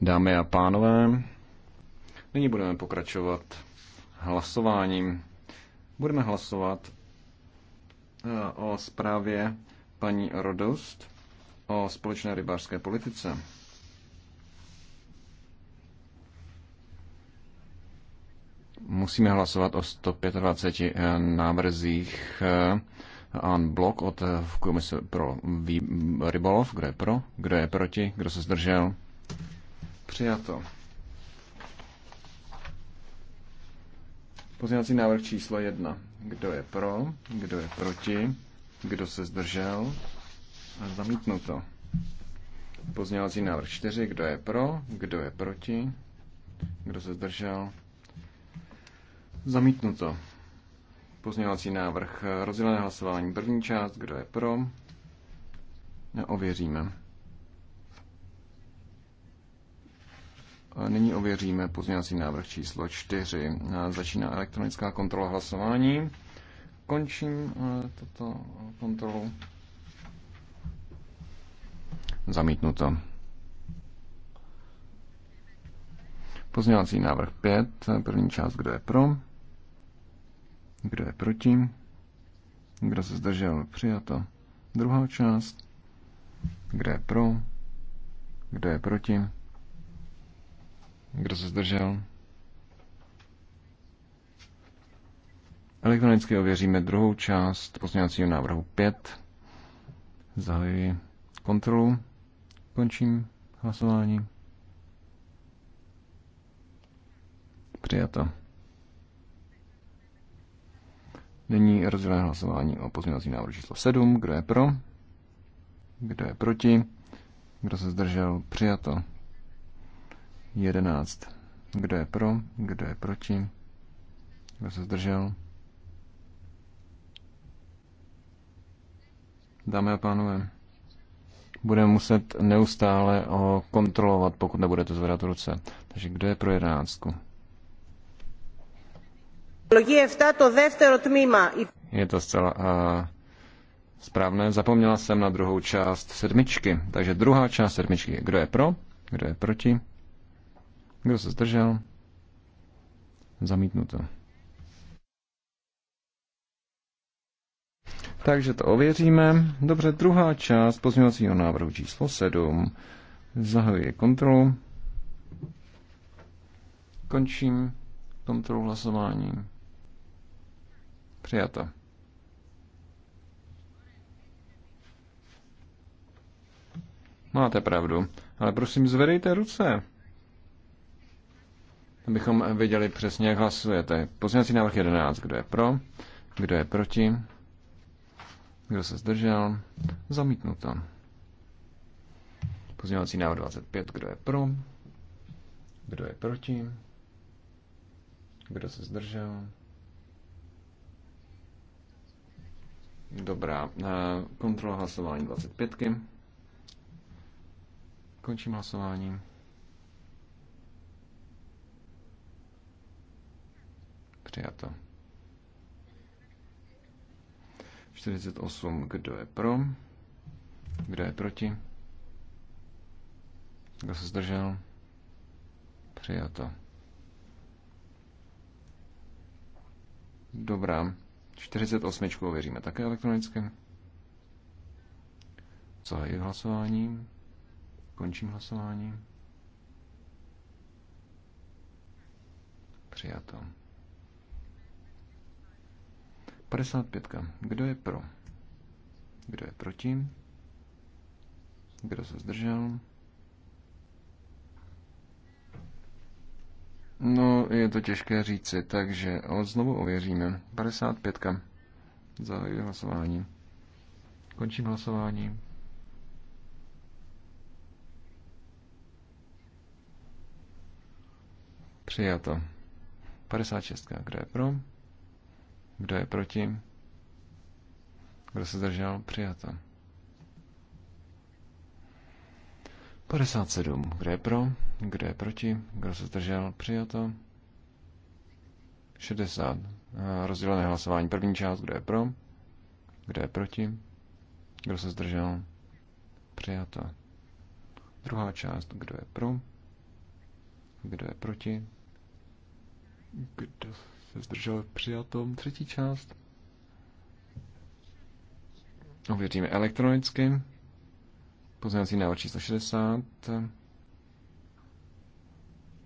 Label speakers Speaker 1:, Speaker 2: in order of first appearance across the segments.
Speaker 1: Dámy a pánové, nyní budeme pokračovat hlasováním. Budeme hlasovat eh, o zprávě paní Rodost o společné rybářské politice. Musíme hlasovat o 125 návrzích eh, an blok od eh, komise pro rybolov, kdo je pro, kdo je proti, kdo se zdržel. Přijato. Pozměňovací návrh číslo jedna. Kdo je pro, kdo je proti, kdo se zdržel. Zamítnuto. Pozměňovací návrh 4. Kdo je pro, kdo je proti, kdo se zdržel. Zamítnuto. Pozměňovací návrh eh, rozdělené hlasování. První část, kdo je pro? Neověříme. Eh, nyní ověříme pozměňovací návrh číslo 4. Eh, začíná elektronická kontrola hlasování. Končím toto kontrolu. Zamítnuto. Pozměňovací návrh 5, první část, kdo je pro? Kdo je proti? Kdo se zdržel? Přijato. Druhá část. Kdo je pro? Kdo je proti? Kdo se zdržel? Elektronicky ověříme druhou část pozměňovacího návrhu 5. Zahajuji kontrolu. Končím hlasování. Přijato. Nyní rozdělené hlasování o pozměňovacím návrh číslo 7. Kdo je pro? Kdo je proti? Kdo se zdržel? Přijato. 11. Kdo je pro? Kdo je proti? Kdo se zdržel? Dámy a pánové, budeme muset neustále kontrolovat, pokud nebudete zvedat ruce. Takže kdo je pro jedenáctku? Je to zcela uh, správné. Zapomněla jsem na druhou část sedmičky. Takže druhá část sedmičky. Kdo je pro? Kdo je proti? Kdo se zdržel? Zamítnuto. Takže to ověříme. Dobře, druhá část pozměňovacího návrhu číslo 7. Zahajuji kontrolu. Končím kontrolu hlasování přijata. Máte pravdu, ale prosím zvedejte ruce. Abychom viděli přesně, jak hlasujete. Pozměňovací návrh 11. Kdo je pro? Kdo je proti? Kdo se zdržel? Zamítnuto. Pozměňovací návrh 25. Kdo je pro? Kdo je proti? Kdo se zdržel? Dobrá. Eh, kontrola hlasování 25. Končím hlasování. Přijato. 48. Kdo je pro? Kdo je proti? Kdo se zdržel? Přijato. Dobrá. 48 ověříme také elektronicky. Zahajuji hlasování. Končím hlasování. Přijato. 55. Kdo je pro? Kdo je proti? Kdo se zdržel? No, je to těžké říci, takže ho znovu ověříme. 55. Zahajuji hlasování. Končím hlasování. Přijato. 56. Kdo je pro? Kdo je proti? Kdo se zdržel? Přijato. 57. Kdo je pro? Kdo je proti? Kdo se zdržel? Přijato. 60. Eh, rozdělené hlasování. První část. Kdo je pro? Kdo je proti? Kdo se zdržel? Přijato. Druhá část. Kdo je pro? Kdo je proti? Kdo se zdržel? Přijato. Třetí část. Ověříme elektronicky. Pozměňovací návrh číslo 60.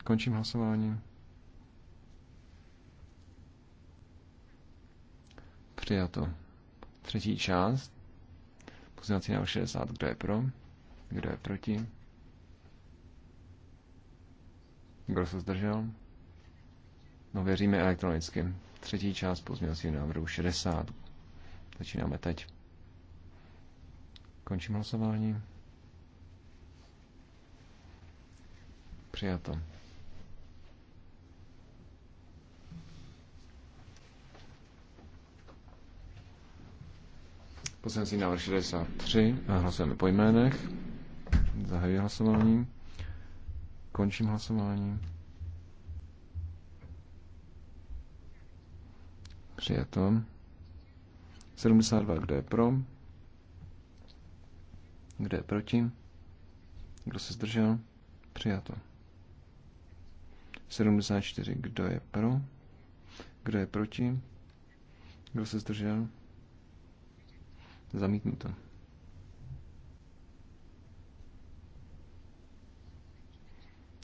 Speaker 1: Končím hlasování. Přijato. Třetí část. Pozměňovací návrh 60. Kdo je pro? Kdo je proti? Kdo se zdržel? No, věříme elektronicky. Třetí část pozměňovacího návrhu 60. Začínáme teď. Končím hlasování. Přijato. Poslanecí návrh 63. Hlasujeme po jménech. Zahajuji hlasování. Končím hlasování. Přijato. 72. Kdo je pro? Kdo je proti? Kdo se zdržel? Přijato. 74. Kdo je pro? Kdo je proti? Kdo se zdržel? Zamítnuto.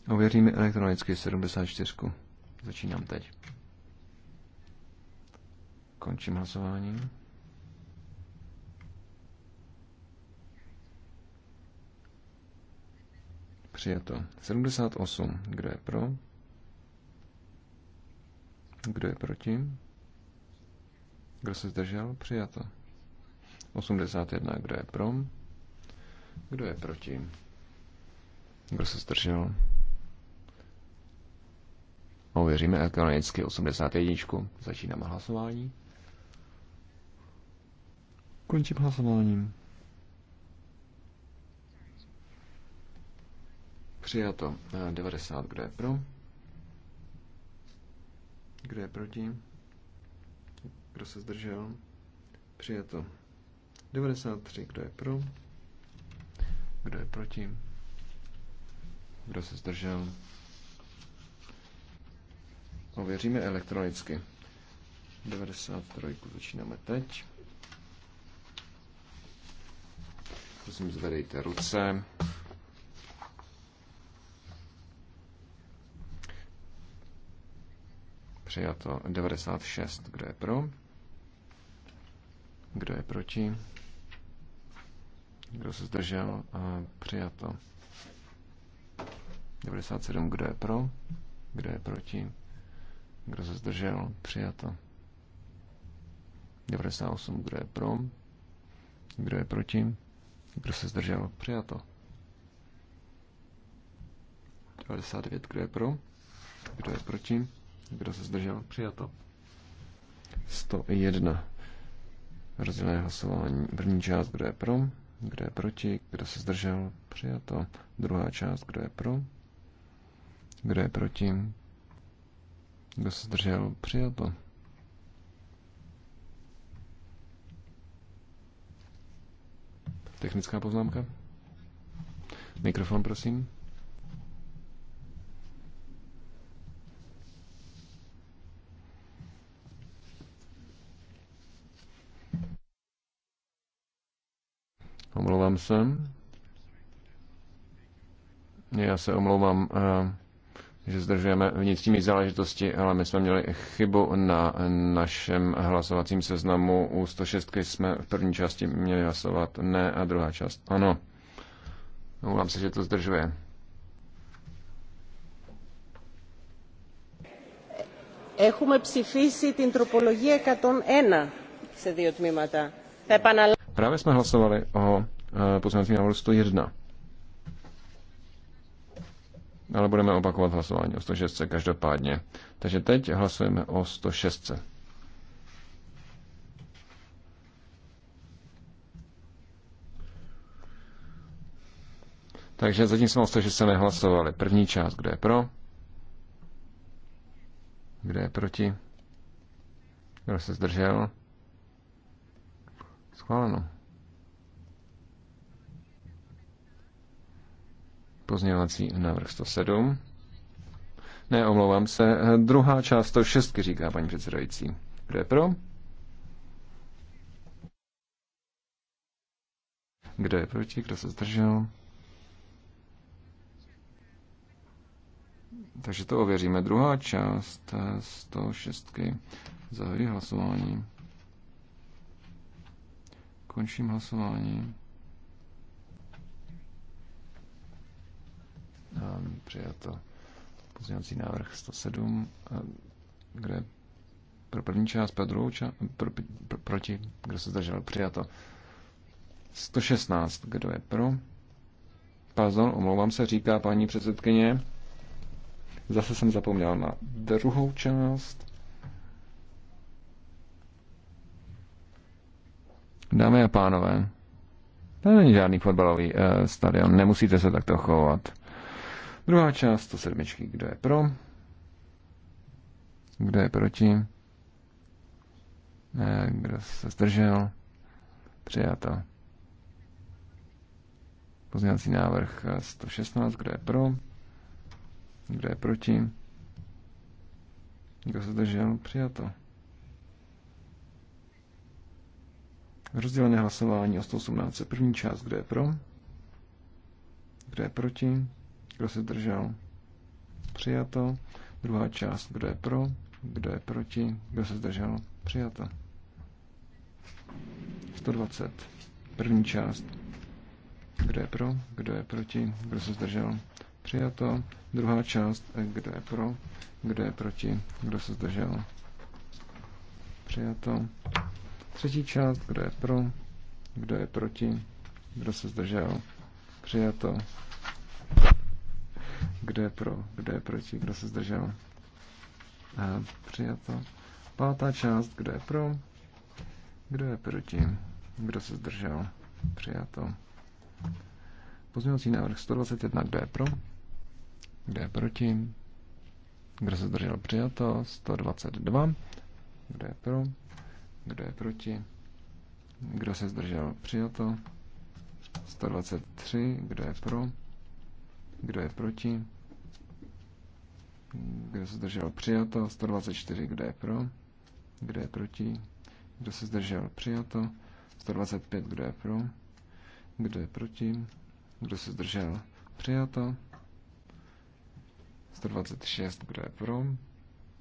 Speaker 1: Ověříme elektronicky 74. Začínám teď. Končím hlasování. Přijato. 78. Kdo je pro? Kdo je proti? Kdo se zdržel? Přijato. 81. Kdo je pro? Kdo je proti? Kdo se zdržel? Ověříme elektronicky 81. Začínáme hlasování. Končím hlasováním. Přijato 90, eh, kdo je pro. Kdo je proti? Kdo se zdržel? Přijato. 93. Kdo je pro? Kdo je proti? Kdo se zdržel? Ověříme elektronicky. 93. Začínáme teď. Prosím, zvedejte ruce. Přijato 96. Kdo je pro? Kdo je proti? Kdo se zdržel? Přijato. 97. Kdo je pro? Kdo je proti? Kdo se zdržel? Přijato. 98. Kdo je pro? Kdo je proti? Kdo se zdržel? Přijato. 99. Kdo je pro? Kdo je proti? Kdo se zdržel? Přijato. 101. Rozdělené hlasování. První část, kdo je pro? Kdo je proti? Kdo se zdržel? Přijato. Druhá část, kdo je pro? Kdo je proti? Kdo se zdržel? Přijato. Technická poznámka? Mikrofon, prosím. Omlouvám se. Já se omlouvám, eh, že zdržujeme vnitřními záležitosti, ale my jsme měli chybu na našem hlasovacím seznamu. U 106 jsme v první části měli hlasovat ne a druhá část ano. Omlouvám se, že to zdržuje.
Speaker 2: Έχουμε ψηφίσει την τροπολογία 101 σε δύο τμήματα. Θα επαναλάβω.
Speaker 1: Právě jsme hlasovali o eh, pozměňovacím návrhu 101. Ale budeme opakovat hlasování o 106 každopádně. Takže teď hlasujeme o 106. Takže zatím jsme o 106 nehlasovali. První část, kde je pro? Kde je proti? Kdo se zdržel? Schváleno. Pozměňovací návrh 107. Ne, omlouvám se. Druhá část 106, říká paní předsedající. Kdo je pro? Kdo je proti? Kdo se zdržel? Takže to ověříme. Druhá část 106. Zahajuji hlasování. Končím hlasování. Ehm, přijato pozměňovací návrh 107, ehm, kde pro první část, pro druhou část, pro, pro, proti, kdo se zdržel, přijato. 116, kdo je pro? Pardon, omlouvám se, říká paní předsedkyně. Zase jsem zapomněl na druhou část. Dámy a pánové, to není žádný fotbalový uh, stadion, nemusíte se takto chovat. Druhá část To sedmičky, Kdo je pro? Kdo je proti? Ne, eh, kdo se zdržel? Přijato. Pozměňovací návrh 116. Eh, kdo je pro? Kdo je proti? Kdo se zdržel? Přijato. Rozdělené hlasování o 118. První část, kdo je pro? Kdo je proti? Kdo se zdržel? Přijato. Druhá část, kdo je pro? Kdo je proti? Kdo se zdržel? Přijato. 120. První část. Kdo je pro? Kdo je proti? Kdo se zdržel? Přijato. Druhá část. Kdo je pro? Kdo je proti? Kdo se zdržel? Přijato. Třetí část, kdo je pro, kdo je proti, kdo se zdržel, přijato. Kdo je pro, kdo je proti, kdo se zdržel, a přijato. Pátá část, kdo je pro, kdo je proti, kdo se zdržel, přijato. Pozměňovací návrh 121, kdo je pro, kdo je proti, kdo se zdržel, přijato. 122, kdo je pro, kdo je proti? Kdo se zdržel? to, 123. Kdo je pro? Kdo je proti? Kdo se zdržel? Přijato. 124. Kdo je pro? Kdo je proti? Kdo se zdržel? Přijato. 125. Kdo je pro? Kdo je proti? Kdo se zdržel? Přijato. 126. Kdo je pro?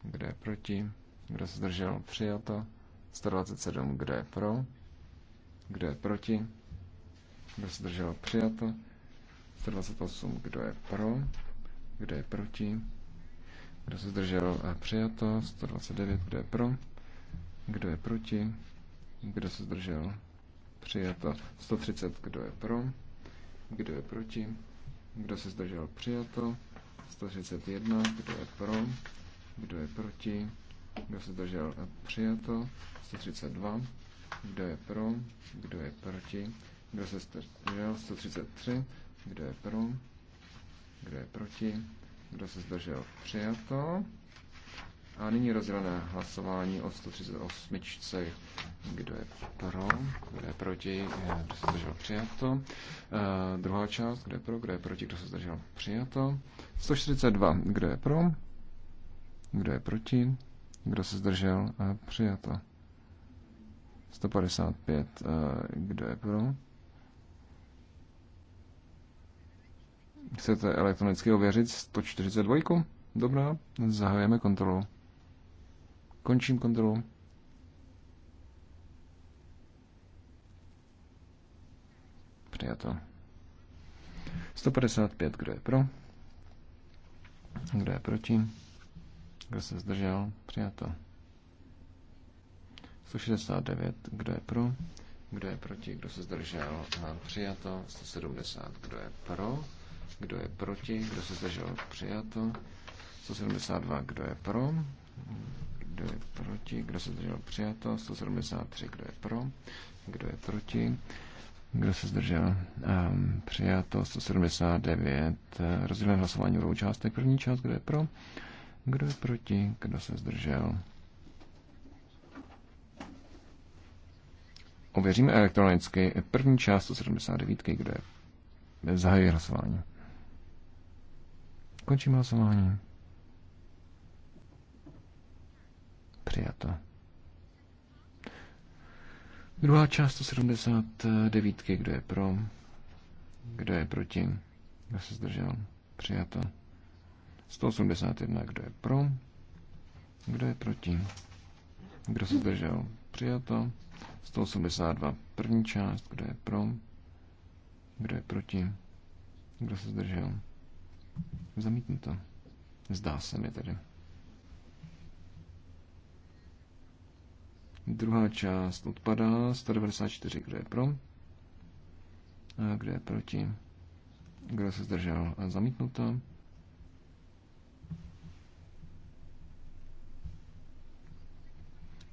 Speaker 1: Kdo je proti? Kdo se zdržel? Přijato. 127, kdo je pro, kdo je proti, kdo se zdržel přijato, 128, kdo je pro, kdo je proti, kdo se zdržel přijato, 129, kdo je pro, kdo je proti, kdo se zdržel přijato, 130, kdo je pro, kdo je proti, kdo se zdržel přijato, 131, kdo je pro, kdo je proti, kdo se zdržel? Přijato. 132. Kdo je pro? Kdo je proti? Kdo se zdržel? 133. Kdo je pro? Kdo je proti? Kdo se zdržel? Přijato. A nyní rozdělené hlasování o 138. Kdo je pro, kdo je proti, kdo se zdržel přijato. Uh, druhá část, kdo je pro, kdo je proti, kdo se zdržel přijato. 142. Kdo je pro, kdo je proti, kdo se zdržel? a eh, Přijato. 155. Eh, kdo je pro? Chcete elektronicky ověřit 142? Dobrá, zahajujeme kontrolu. Končím kontrolu. Přijato. 155, kdo je pro? Kdo je proti? Kdo se zdržel? Přijato. 169. Kdo je pro? Kdo je proti? Kdo se zdržel? Přijato. 170. Kdo je pro? Kdo je proti? Kdo se zdržel? Přijato. 172. Kdo je pro? Kdo je proti? Kdo se zdržel? Ehm, přijato. 173. Kdo je pro? Kdo je proti? Kdo se zdržel? přijato 179. Rozdělené hlasování budou částek. První část, kdo je pro? Kdo je proti? Kdo se zdržel? Ověříme elektronicky první část 179, kde zahajuje hlasování. Končím hlasování. Přijato. Druhá část 179, kdo je pro, kdo je proti, kdo se zdržel, přijato. 181. Kdo je pro? Kdo je proti? Kdo se zdržel? Přijato. 182. První část. Kdo je pro? Kdo je proti? Kdo se zdržel? Zamítnuto. Zdá se mi tedy. Druhá část odpadá. 194. Kdo je pro? A kdo je proti? Kdo se zdržel? Zamítnuto.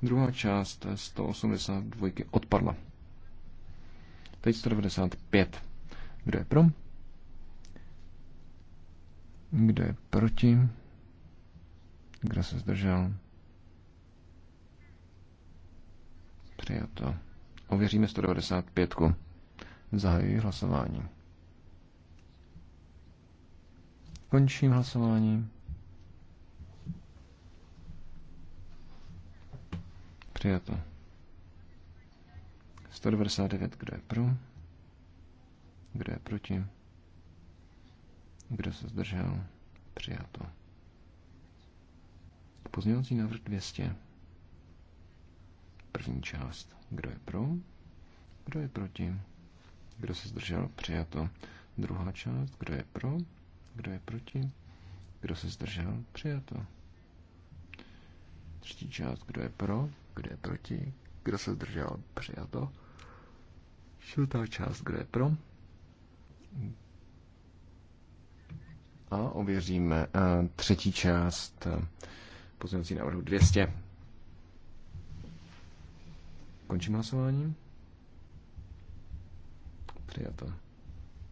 Speaker 1: Druhá část 182 odpadla. Teď 195. Kdo je pro? Kdo je proti? Kdo se zdržel? Přijato. Ověříme 195. Zahajuji hlasování. Končím hlasování. Přijato. 199, kdo je pro? Kdo je proti? Kdo se zdržel? Přijato. Pozměňovací návrh 200. První část. Kdo je pro? Kdo je proti? Kdo se zdržel? Přijato. Druhá část. Kdo je pro? Kdo je proti? Kdo se zdržel? Přijato. Třetí část. Kdo je pro? Kdo je proti? Kdo se zdržel? Přijato. Čtvrtá část. Kdo je pro? A ověříme eh, třetí část eh, pozměňovací návrhu 200. Končím hlasování. Přijato.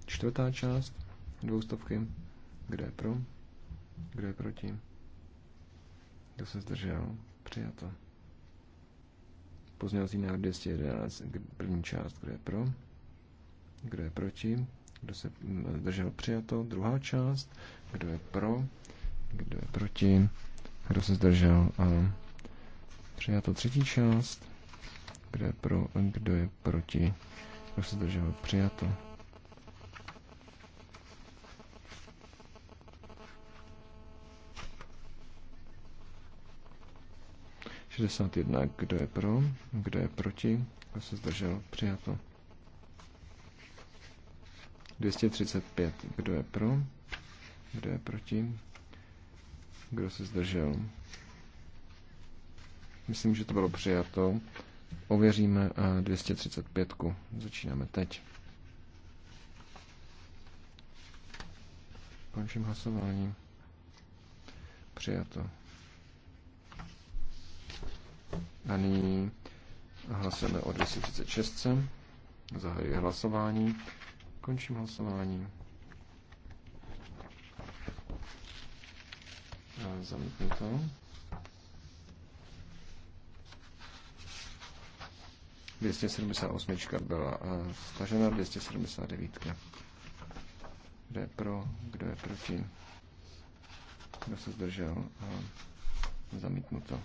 Speaker 1: Čtvrtá část dvoustovky. Kdo je pro? Kdo je proti? Kdo se zdržel? Přijato. Pozměňovací návrh 211, první část, kdo je pro, kdo je proti, kdo se zdržel přijato, druhá část, kdo je pro, kdo je proti, kdo se zdržel a přijato třetí část, kdo je pro, kdo je proti, kdo se zdržel přijato. 61. Kdo je pro? Kdo je proti? Kdo se zdržel? Přijato. 235. Kdo je pro? Kdo je proti? Kdo se zdržel? Myslím, že to bylo přijato. Ověříme 235. Eh, Začínáme teď. Končím hlasování. Přijato. A nyní hlasujeme o 236. Zahajuji hlasování. Končím hlasování. zamítnu to. osmička byla eh, stažena, 279. Kdo je pro, kdo je proti, kdo se zdržel, zamítnuto.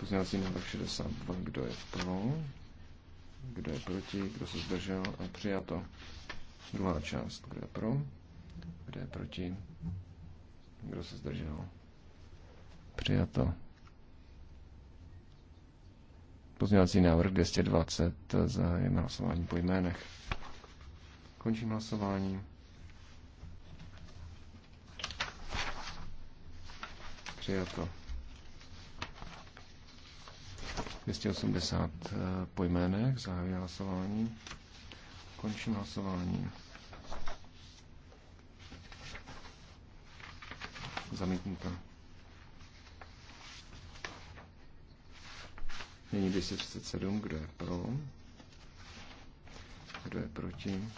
Speaker 1: Pozměňovací návrh 62. Kdo je pro? Kdo je proti? Kdo se zdržel? A přijato. Druhá část. Kdo je pro? Kdo je proti? Kdo se zdržel? Přijato. Pozměňovací návrh 220. Zahajeme hlasování po jménech. Končím hlasování. Přijato. 280 eh, po jménech, zahajuji hlasování, končím hlasování. Zamítnuto. Nyní 237, kdo je pro, kdo je proti,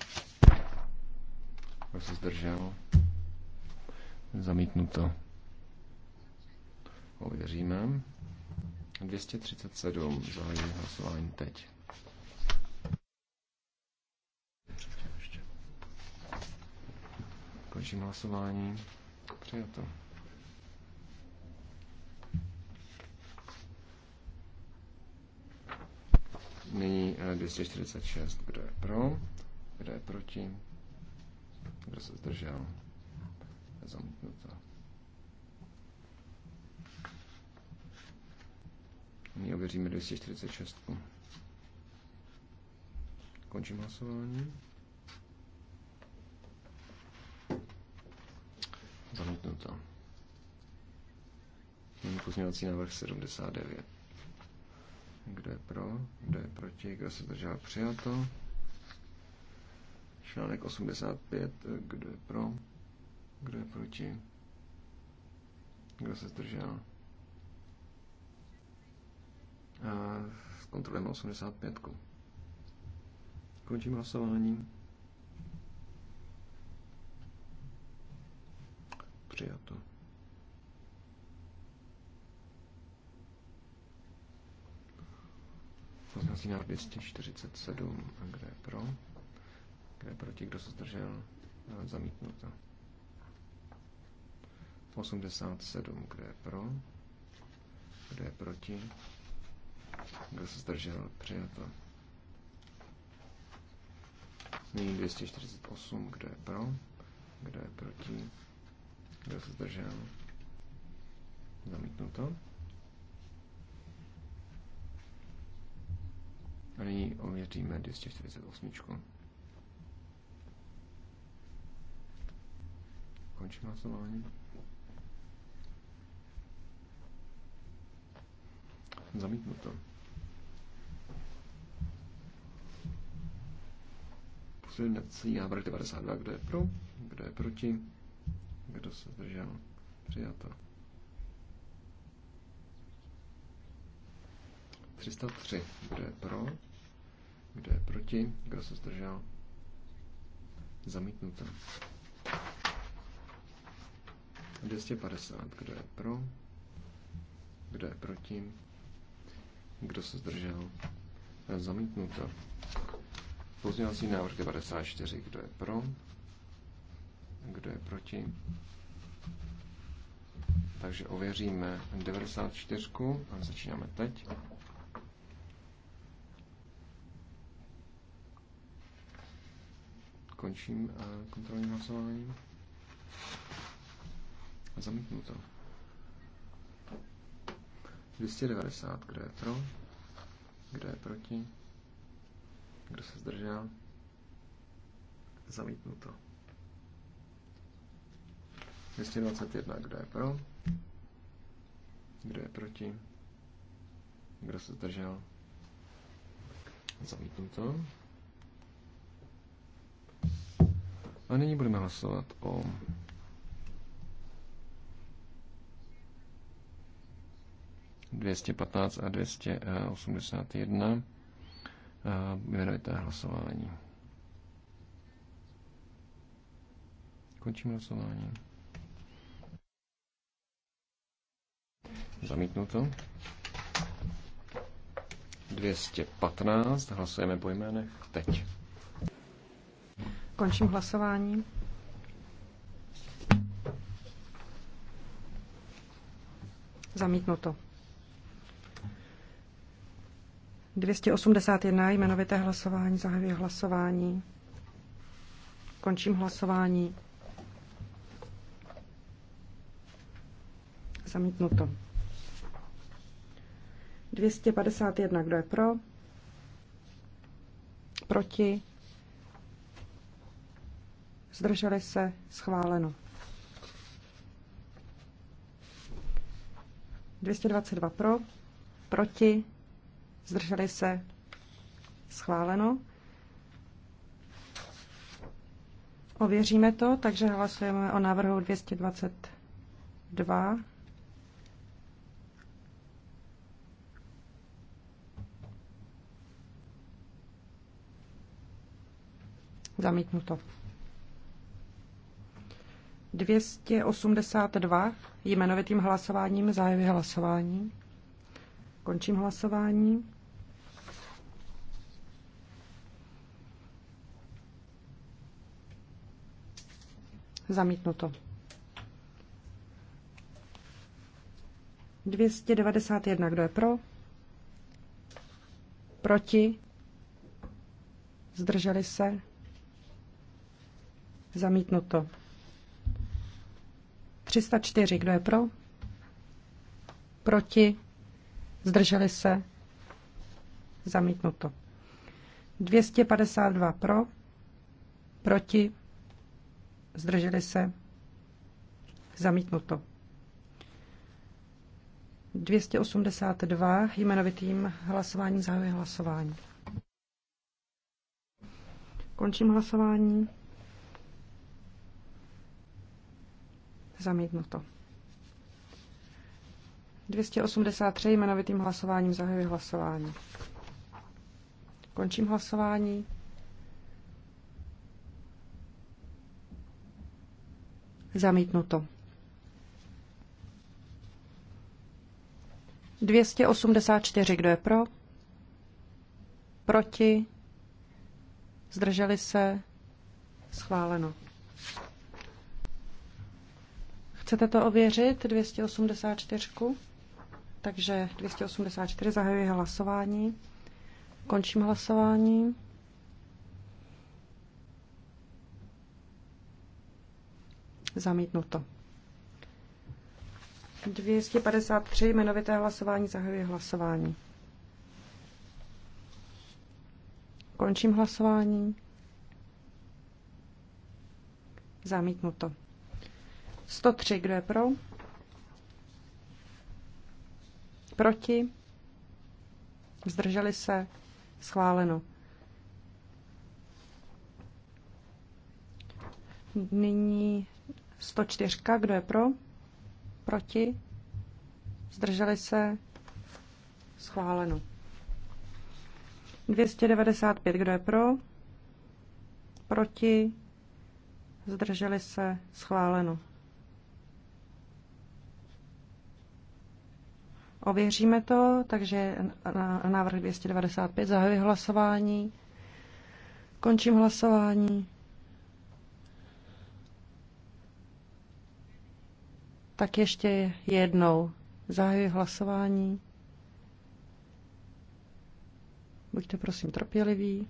Speaker 1: kdo se zdržel, zamítnuto. Ověříme. 237. Zahajuji hlasování teď. Končím hlasování. Přijato. Nyní 246. Eh, Kdo je pro? Kdo je proti? Kdo se zdržel? Zamítnuto. My ověříme 246. Končím hlasování. Zamítnuto. Nyní pozměňovací návrh 79. Kdo je pro? Kdo je proti? Kdo se držel? Přijato. Článek 85. Kdo je pro? Kdo je proti? Kdo se zdržel? A zkontrolujeme 85. Končím hlasování. Přijato. Poznací návrh 247. A kde je pro? Kde je proti? Kdo se zdržel? Zamítnuto. 87. Kde je pro? Kde je proti? Kdo se zdržel? Přijato. Nyní 248. Kdo je pro? Kdo je proti? Kdo se zdržel? Zamítnuto. A nyní ověříme 248. Končím hlasování. Zamítnuto. Pozměňovací návrh 92. Kdo je pro? Kdo je proti? Kdo se zdržel? Přijato. 303. Kdo je pro? Kdo je proti? Kdo se zdržel? Zamítnuto. 250. Kdo je pro? Kdo je proti? Kdo se zdržel? Zamítnuto. Pozměňovací návrh 94. Kdo je pro? Kdo je proti? Takže ověříme 94 a začínáme teď. Končím eh, kontrolní hlasování. A zamítnu to. 290, kdo je pro, kdo je proti. Kdo se zdržel? Zamítnu to. 221. Kdo je pro? Kdo je proti? Kdo se zdržel? to. A nyní budeme hlasovat o dvěstě patnáct a dvěstě eh, osmdesát jedna jmenovité hlasování. Končím hlasování. Zamítnuto. 215. Hlasujeme po jménech teď.
Speaker 3: Končím hlasování. Zamítnuto. 281 jmenovité hlasování, zahajuji hlasování. Končím hlasování. Zamítnuto. 251, kdo je pro? Proti? Zdrželi se? Schváleno. 222 pro, proti, Zdrželi se? Schváleno. Ověříme to, takže hlasujeme o návrhu 222. Zamítnuto. 282 jmenovitým hlasováním zahajuji hlasování. Končím hlasování. Zamítnuto. 291. Kdo je pro? Proti? Zdrželi se? Zamítnuto. 304. Kdo je pro? Proti? Zdrželi se? Zamítnuto. 252 pro, proti, zdrželi se, zamítnuto. 282 jmenovitým hlasováním zahajuje hlasování. Končím hlasování. Zamítnuto. 283 jmenovitým hlasováním zahajuji hlasování. Končím hlasování. Zamítnuto. 284, kdo je pro? Proti? Zdrželi se? Schváleno. Chcete to ověřit, 284? Takže 284 zahajuji hlasování. Končím hlasování. Zamítnuto. 253 jmenovité hlasování zahajuje hlasování. Končím hlasování. Zamítnuto. 103, kdo je pro? Proti? Zdrželi se? Schváleno. Nyní 104. Kdo je pro? Proti? Zdrželi se? Schváleno. 295. Kdo je pro? Proti? Zdrželi se? Schváleno. Ověříme to, takže návrh 295 zahajuje hlasování. Končím hlasování. Tak ještě jednou zahajuji hlasování. Buďte prosím trpěliví.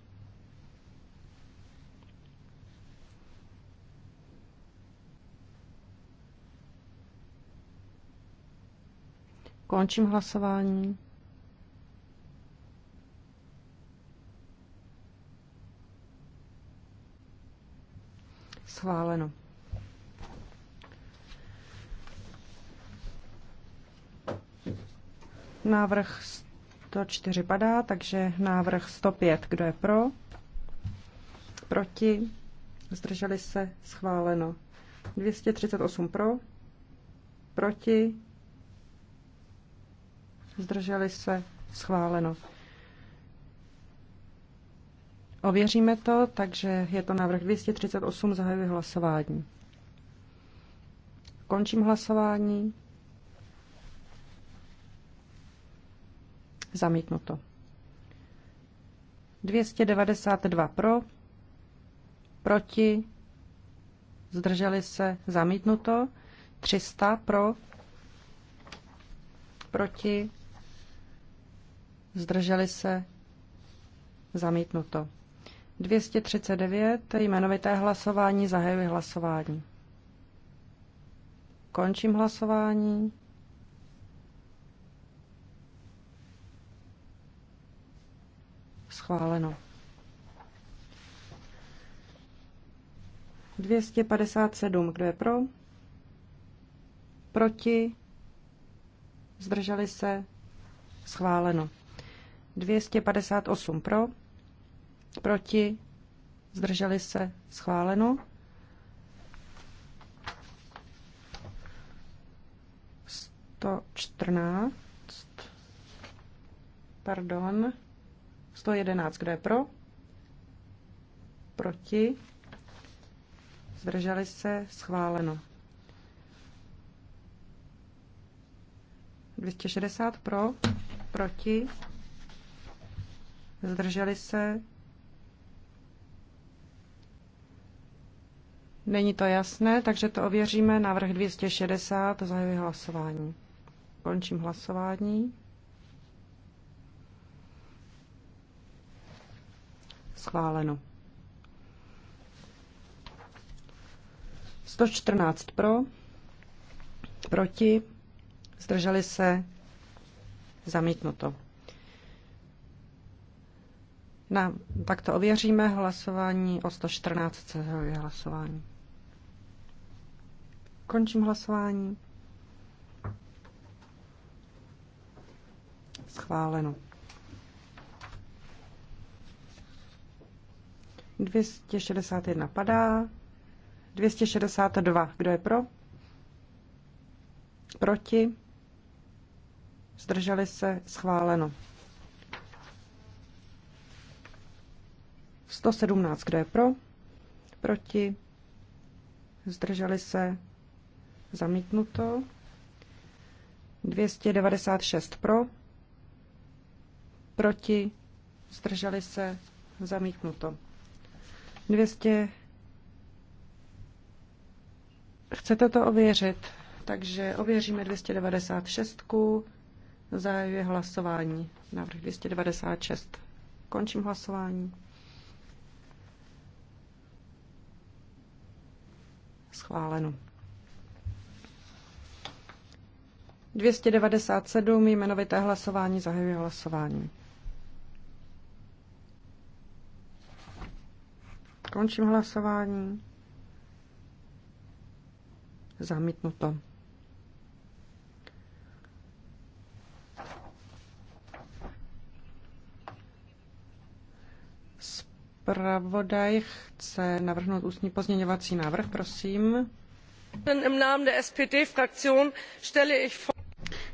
Speaker 3: Končím hlasování. Schváleno. Návrh 104 padá, takže návrh 105. Kdo je pro? Proti? Zdrželi se? Schváleno. 238 pro? Proti? zdrželi se, schváleno. Ověříme to, takže je to návrh 238, zahajuji hlasování. Končím hlasování. Zamítnuto. 292 pro, proti, zdrželi se, zamítnuto. 300 pro, proti, zdrželi se, zamítnuto. 239, jmenovité hlasování, zahajuji hlasování. Končím hlasování. Schváleno. 257, kdo je pro? Proti? Zdrželi se? Schváleno. 258 pro, proti, zdrželi se, schváleno. 114, pardon, 111, kdo je pro? Proti, zdrželi se, schváleno. 260 pro, proti, Zdrželi se? Není to jasné, takže to ověříme. Návrh 260, zahajuji hlasování. Končím hlasování. Schváleno. 114 pro, proti, zdrželi se, zamítnuto. Ne, tak to ověříme. Hlasování o 114 se hlasování. Končím hlasování. Schváleno. 261 padá. 262. Kdo je pro? Proti? Zdrželi se? Schváleno. 117, kdo je pro? Proti? Zdrželi se? Zamítnuto. 296 pro? Proti? Zdrželi se? Zamítnuto. 200. Chcete to ověřit? Takže ověříme 296. Zahajuje hlasování. Návrh 296. Končím hlasování. schváleno. 297 jmenovité hlasování zahajuje hlasování. Končím hlasování. Zamítnuto. Zpravodaj chce navrhnout ústní pozměňovací návrh, prosím. Im spd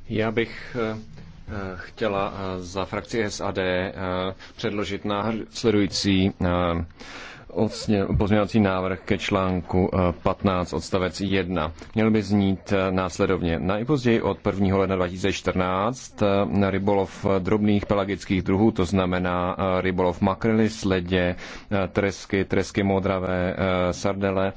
Speaker 1: Já bych eh, eh, chtěla eh, za frakci SAD předložit následující pozměňovací návrh ke článku 15 eh, odstavec 1. Měl by znít eh, následovně. Nejpozději od 1. ledna 2014 eh, rybolov drobných pelagických druhů, to znamená rybolov makrely, sledě, tresky, tresky modravé, sardele,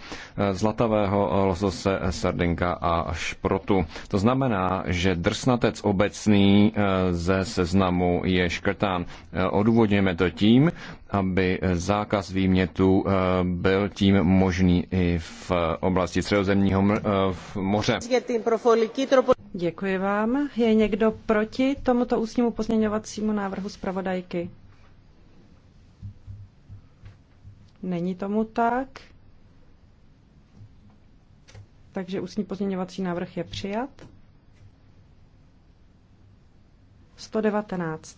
Speaker 1: zlatavého losose, sardinka a šprotu. To znamená, že drsnatec obecný ze seznamu je škrtán. Odůvodňujeme to tím, aby zákaz výmětu eh, byl tím možný i v oblasti středozemního eh, moře.
Speaker 3: Děkuji vám. Je někdo proti tomuto ústnímu pozměňovacímu návrhu zpravodajky? Není tomu tak. Takže ústní pozměňovací návrh je přijat. 119.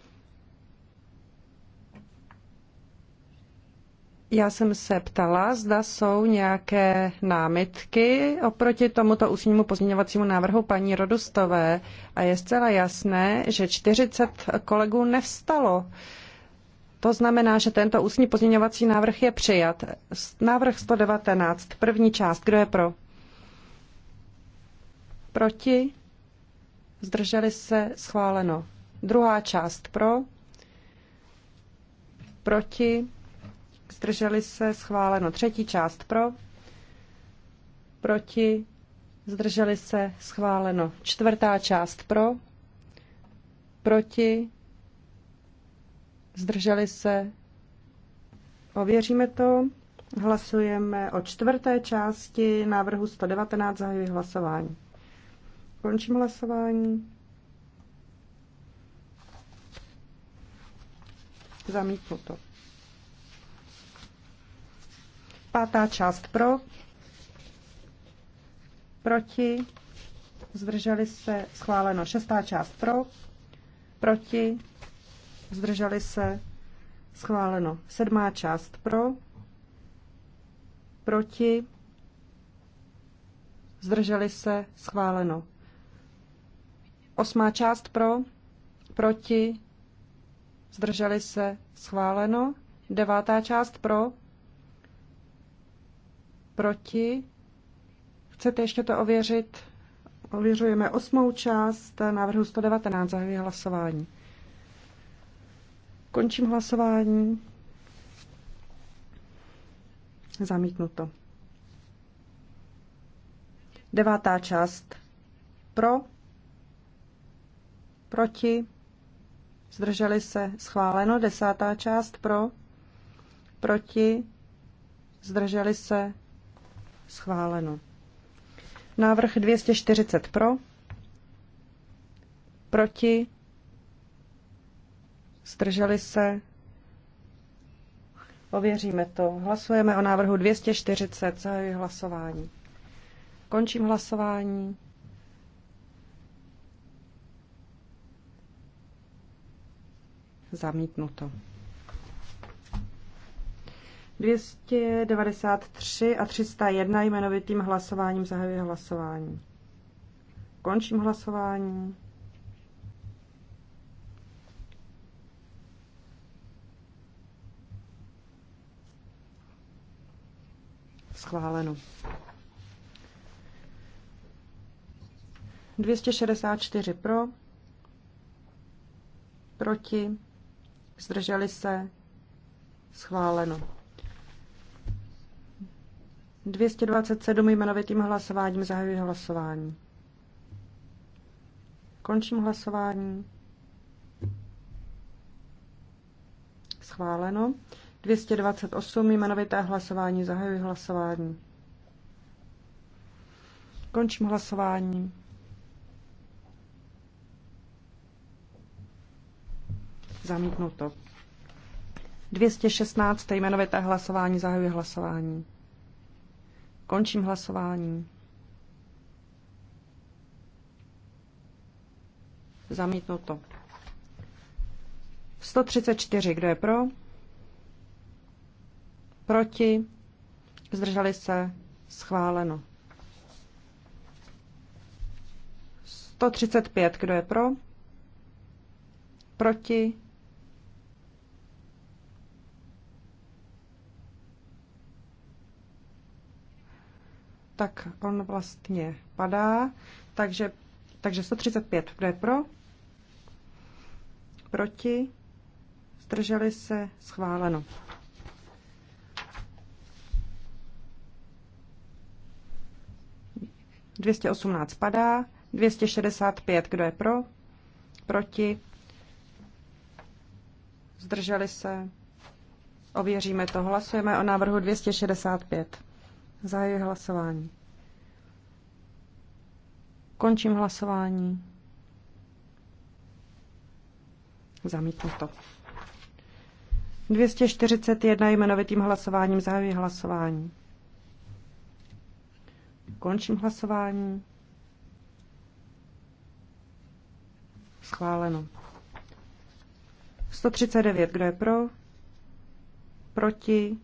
Speaker 3: Já jsem se ptala, zda jsou nějaké námitky oproti tomuto ústnímu pozměňovacímu návrhu paní Rodustové a je zcela jasné, že 40 kolegů nevstalo. To znamená, že tento ústní pozměňovací návrh je přijat. Návrh 119, první část, kdo je pro? Proti? Zdrželi se? Schváleno. Druhá část pro? Proti? zdrželi se, schváleno. Třetí část pro, proti, zdrželi se, schváleno. Čtvrtá část pro, proti, zdrželi se, ověříme to. Hlasujeme o čtvrté části návrhu 119, zahajuji hlasování. Končím hlasování. Zamítnuto. Pátá část pro, proti, zdrželi se, schváleno. Šestá část pro, proti, zdrželi se, schváleno. Sedmá část pro, proti, zdrželi se, schváleno. Osmá část pro, proti, zdrželi se, schváleno. Devátá část pro, proti. Chcete ještě to ověřit? Ověřujeme osmou část návrhu 119, zahajuji hlasování. Končím hlasování. Zamítnuto. Devátá část. Pro. Proti. Zdrželi se. Schváleno. Desátá část. Pro. Proti. Zdrželi se. Schváleno. Návrh 240 pro. Proti. Zdrželi se. Ověříme to. Hlasujeme o návrhu 240. Zahajuji hlasování. Končím hlasování. Zamítnuto. 293 a 301 jmenovitým hlasováním zahajuje hlasování. Končím hlasování. Schváleno. 264 pro, proti, zdrželi se, schváleno. 227 jmenovitým hlasováním zahajuji hlasování. Končím hlasování. Schváleno. 228 jmenovité hlasování zahajuji hlasování. Končím hlasování. Zamítnuto. 216 jmenovité hlasování zahajuji hlasování. Končím hlasování. Zamítnuto. 134. Kdo je pro? Proti? Zdrželi se? Schváleno. 135. Kdo je pro? Proti? tak on vlastně padá. Takže, takže 135, kdo je pro? Proti? Zdrželi se? Schváleno. Dvěstě osmnáct padá, 265, kdo je pro, proti, zdrželi se, ověříme to, hlasujeme o návrhu 265. Zahajuji hlasování. Končím hlasování. Zamítnu to. 241 jmenovitým hlasováním zahajuji hlasování. Končím hlasování. Schváleno. 139. Kdo je pro? Proti?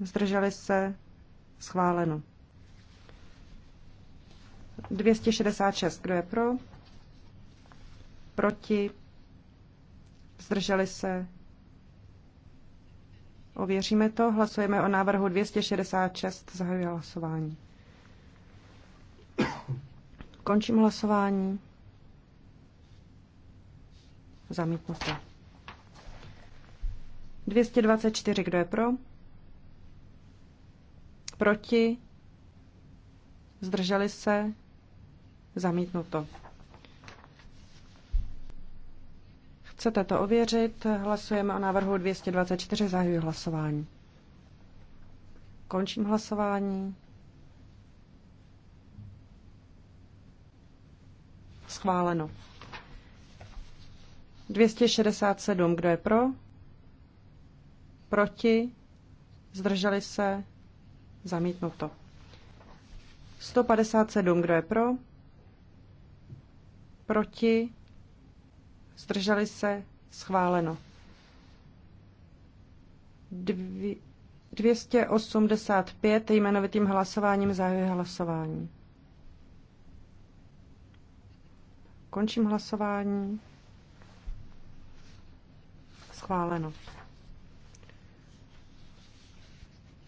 Speaker 3: Zdrželi se? Schváleno. 266. Kdo je pro? Proti? Zdrželi se? Ověříme to. Hlasujeme o návrhu 266. Zahajuje hlasování. Končím hlasování. Zamítnuto. 224. Kdo je pro? Proti? Zdrželi se? Zamítnuto. Chcete to ověřit? Hlasujeme o návrhu 224. Zahajuji hlasování. Končím hlasování. Schváleno. 267. Kdo je pro? Proti? Zdrželi se? Zamítnuto. 157, kdo je pro? Proti? Zdrželi se? Schváleno. Dvě, 285 jmenovitým hlasováním zahajuje hlasování. Končím hlasování. Schváleno.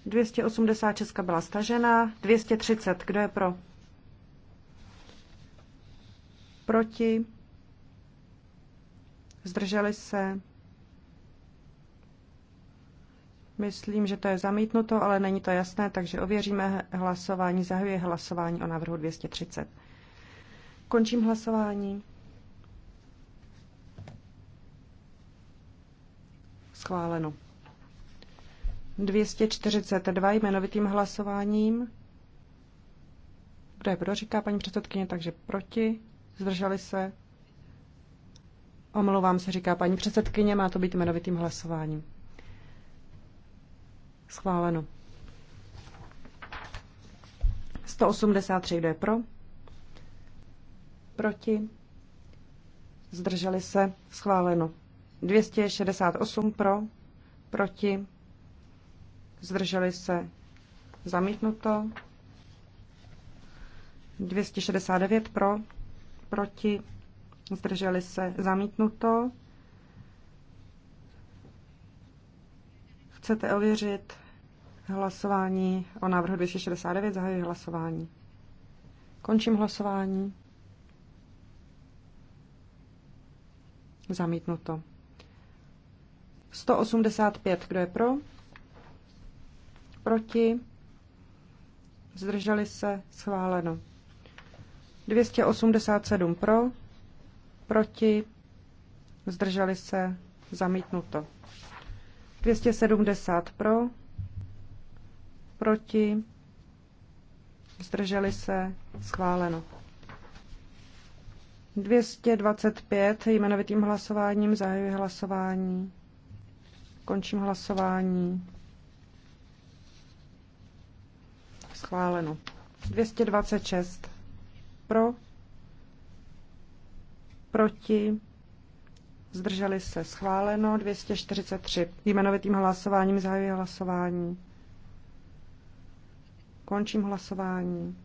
Speaker 3: 286 byla stažena. 230, kdo je pro? Proti? Zdrželi se? Myslím, že to je zamítnuto, ale není to jasné, takže ověříme hlasování. Zahajuji hlasování o návrhu 230. Končím hlasování. Schváleno. 242 jmenovitým hlasováním. Kdo je pro, říká paní předsedkyně, takže proti. Zdrželi se. Omlouvám se, říká paní předsedkyně, má to být jmenovitým hlasováním. Schváleno. 183, kdo je pro? Proti? Zdrželi se? Schváleno. 268 pro? Proti? zdrželi se, zamítnuto. 269 pro, proti, zdrželi se, zamítnuto. Chcete ověřit hlasování o návrhu 269? Zahajuji hlasování. Končím hlasování. Zamítnuto. 185, kdo je pro? proti, zdrželi se, schváleno. 287 pro, proti, zdrželi se, zamítnuto. 270 pro, proti, zdrželi se, schváleno. 225 jmenovitým hlasováním zahajuji hlasování. Končím hlasování. Schváleno. 226 pro, proti, zdrželi se. Schváleno. 243. Jmenovitým hlasováním zahajuje hlasování. Končím hlasování.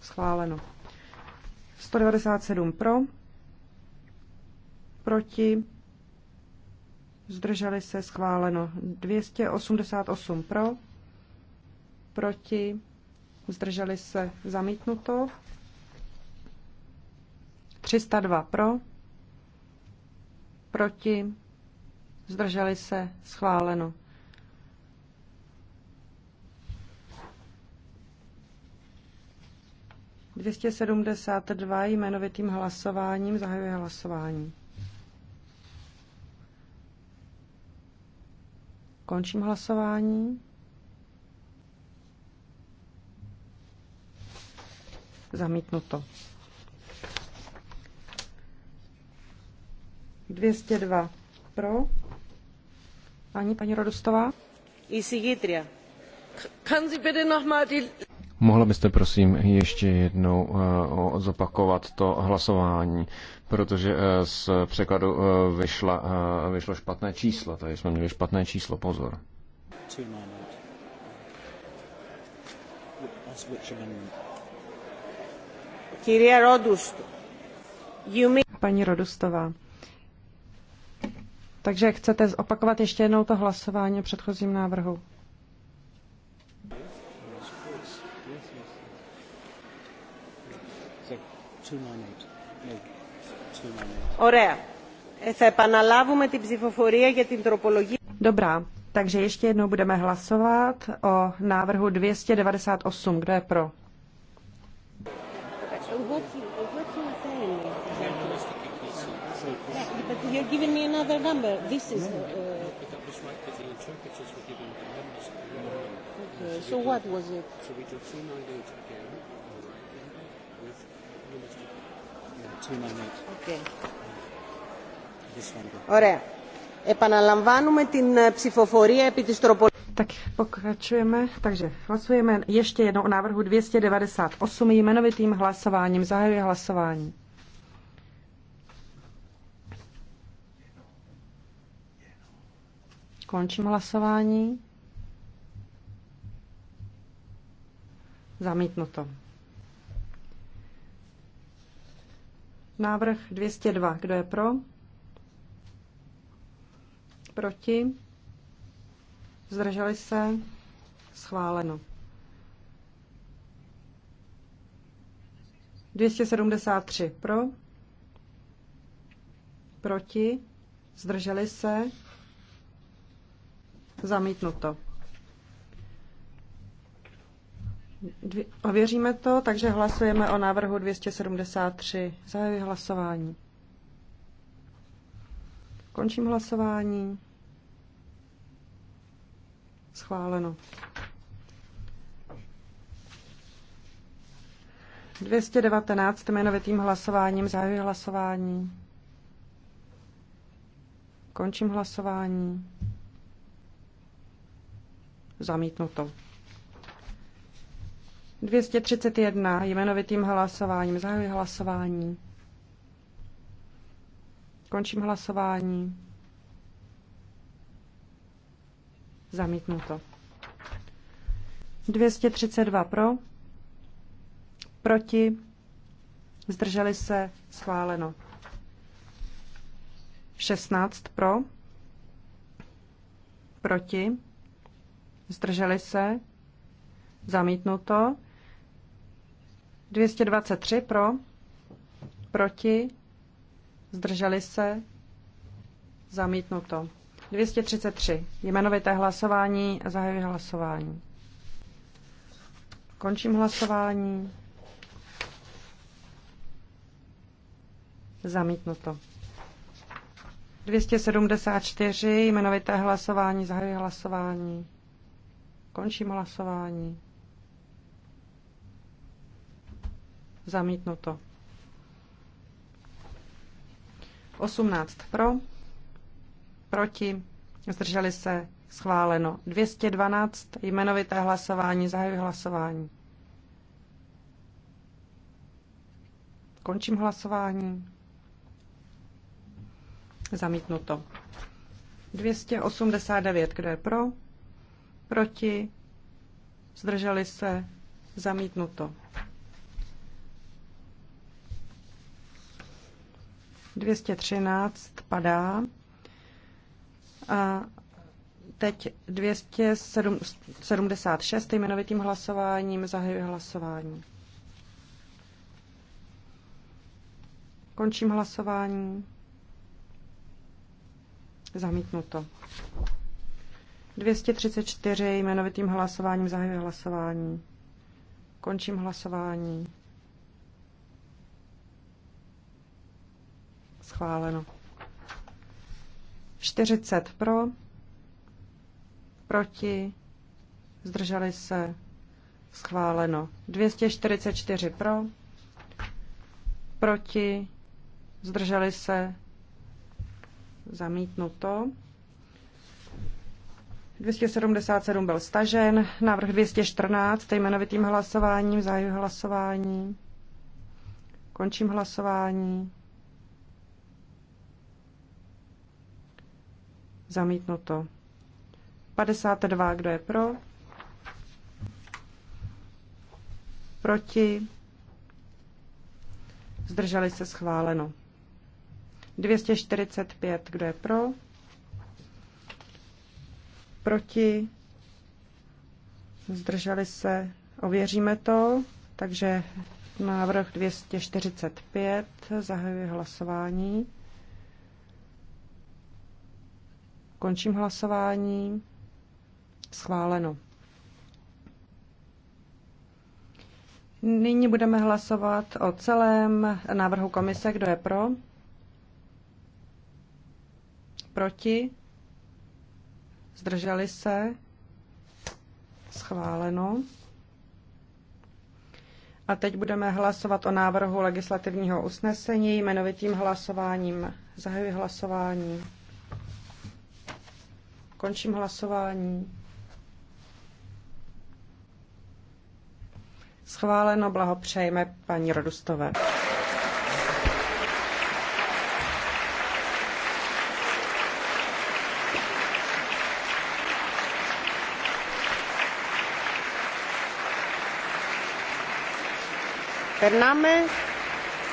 Speaker 3: Schváleno. 197 pro, proti, zdrželi se schváleno 288 pro, proti, zdrželi se zamítnuto, 302 pro, proti, zdrželi se schváleno. Dvěstě sedmdesát dva jmenovitým hlasováním zahajuje hlasování. Končím hlasování. Zamítnuto. 202 pro. Ani paní Rodostová? Isigitria. Kann Sie bitte noch mal die...
Speaker 1: Mohla byste prosím ještě jednou eh, zopakovat to hlasování, protože eh, z překladu eh, vyšla, vyšlo špatné číslo, tady jsme měli špatné číslo, pozor.
Speaker 2: Two
Speaker 3: Paní Rodustová. Takže chcete zopakovat ještě jednou to hlasování o předchozím návrhu? Dobrá, takže ještě jednou budeme hlasovat o návrhu 298. Kdo je pro?
Speaker 2: What's, what's your phone? Domestic yeah, but you're giving me another number. This is. Uh, that was right because the interpreters
Speaker 1: were giving the numbers.
Speaker 2: Okay, so, so what was it?
Speaker 1: So we did 398 again with domestic.
Speaker 2: Yeah, 298. Okay. This one. Ωραία.
Speaker 3: Επαναλαμβάνουμε την ψηφοφορία επί της τροπολογίας. Tak pokračujeme, takže hlasujeme ještě jednou o návrhu 298 jmenovitým hlasováním. Zahajuji hlasování. Končím hlasování. Zamítnuto. Návrh 202. Kdo je pro? Proti? Zdrželi se? Schváleno. 273 pro, proti, zdrželi se, zamítnuto. Dvě, ověříme to, takže hlasujeme o návrhu 273. Zahajuji hlasování. Končím hlasování. Schváleno. 219 jmenovitým hlasováním zahajuji hlasování. Končím hlasování. Zamítnuto. 231 jmenovitým hlasováním zahajuji hlasování. Končím hlasování. Zamítnuto. 232 pro, proti, zdrželi se, schváleno. 16 pro, proti, zdrželi se, zamítnuto. 223 pro, proti, zdrželi se, zamítnuto. 233. Jmenovité hlasování. Zahajuji hlasování. Končím hlasování. Zamítnuto. 274. Jmenovité hlasování. Zahajuji hlasování. Končím hlasování. Zamítnuto. 18 pro proti, zdrželi se, schváleno. 212, jmenovité hlasování, zahajuji hlasování. Končím hlasování. Zamítnuto. 289, kdo je pro? Proti? Zdrželi se? Zamítnuto. 213 padá. A teď 276 jmenovitým hlasováním zahajuji hlasování. Končím hlasování. Zamítnuto. 234 jmenovitým hlasováním zahajuji hlasování. Končím hlasování. Schváleno. 40 pro, proti, zdrželi se, schváleno. 244 pro, proti, zdrželi se, zamítnuto. 277 byl stažen, návrh 214 jmenovitým hlasováním, zájem hlasování, končím hlasování. Zamítnuto. 52, kdo je pro? Proti? Zdrželi se schváleno. 245, kdo je pro? Proti? Zdrželi se, ověříme to, takže návrh 245, zahajuji hlasování. Končím hlasování. Schváleno. Nyní budeme hlasovat o celém návrhu komise. Kdo je pro? Proti? Zdrželi se? Schváleno. A teď budeme hlasovat o návrhu legislativního usnesení jmenovitým hlasováním. Zahajuji hlasování. Končím hlasování. Schváleno, blahopřejme paní Rodustové.
Speaker 2: Περνάμε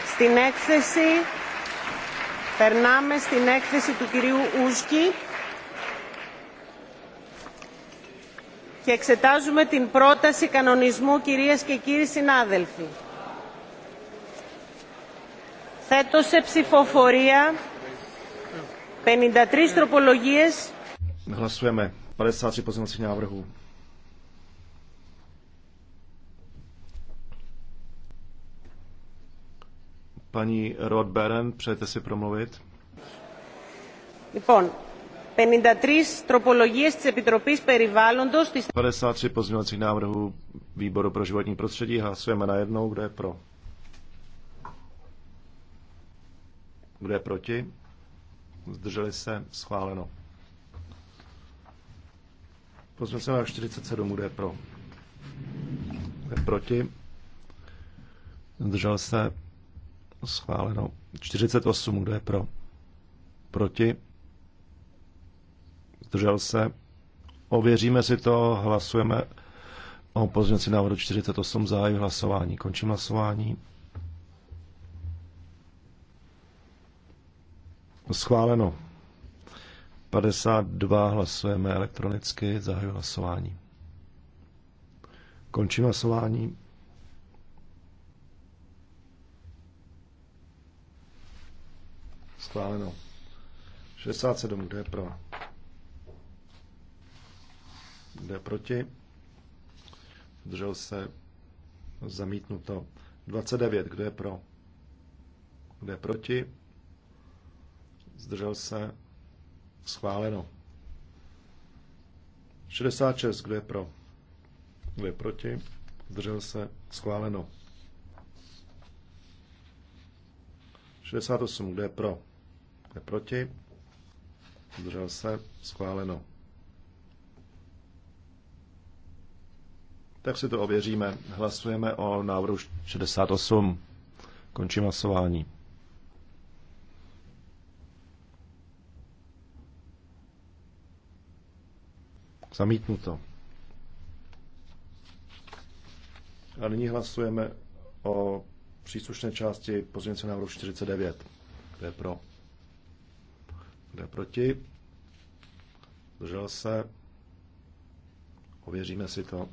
Speaker 2: στην έκθεση, περνάμε στην έκθεση του κυρίου Ούσκη. και εξετάζουμε την πρόταση κανονισμού, κυρίες και κύριοι συνάδελφοι. Θέτω σε ψηφοφορία 53 τροπολογίες.
Speaker 4: Hlasujeme 53 pozměňovacích návrhů. Paní Rodberen, přejete si promluvit?
Speaker 2: Λοιπόν, 53 τροπολογίες της
Speaker 4: pozměňovacích návrhů výboru pro životní prostředí. Hlasujeme najednou, kdo je pro. Kdo je proti? Zdrželi se? Schváleno. Pozměňovací návrh 47, kdo je pro. Kdo je proti? Zdržel se? Schváleno. 48, kdo je pro. Proti? zdržel se. Ověříme si to, hlasujeme o pozměnci návodu 48 zájí hlasování. Končím hlasování. Schváleno. 52 hlasujeme elektronicky, zahajuji hlasování. Končím hlasování. Schváleno. 67, kdo je pro? Kdo je proti? Zdržel se? Zamítnuto. 29. Kdo je pro? Kdo je proti? Zdržel se? Schváleno. 66. Kdo je pro? Kdo je proti? Zdržel se? Schváleno. 68. Kdo je pro? Kdo je proti? Zdržel se? Schváleno. Tak si to ověříme. Hlasujeme o návrhu 68. Končím hlasování. Zamítnuto. A nyní hlasujeme o příslušné části pozměnce návrhu 49. Kdo je pro? Kdo je proti? Zdržel se? Ověříme si to.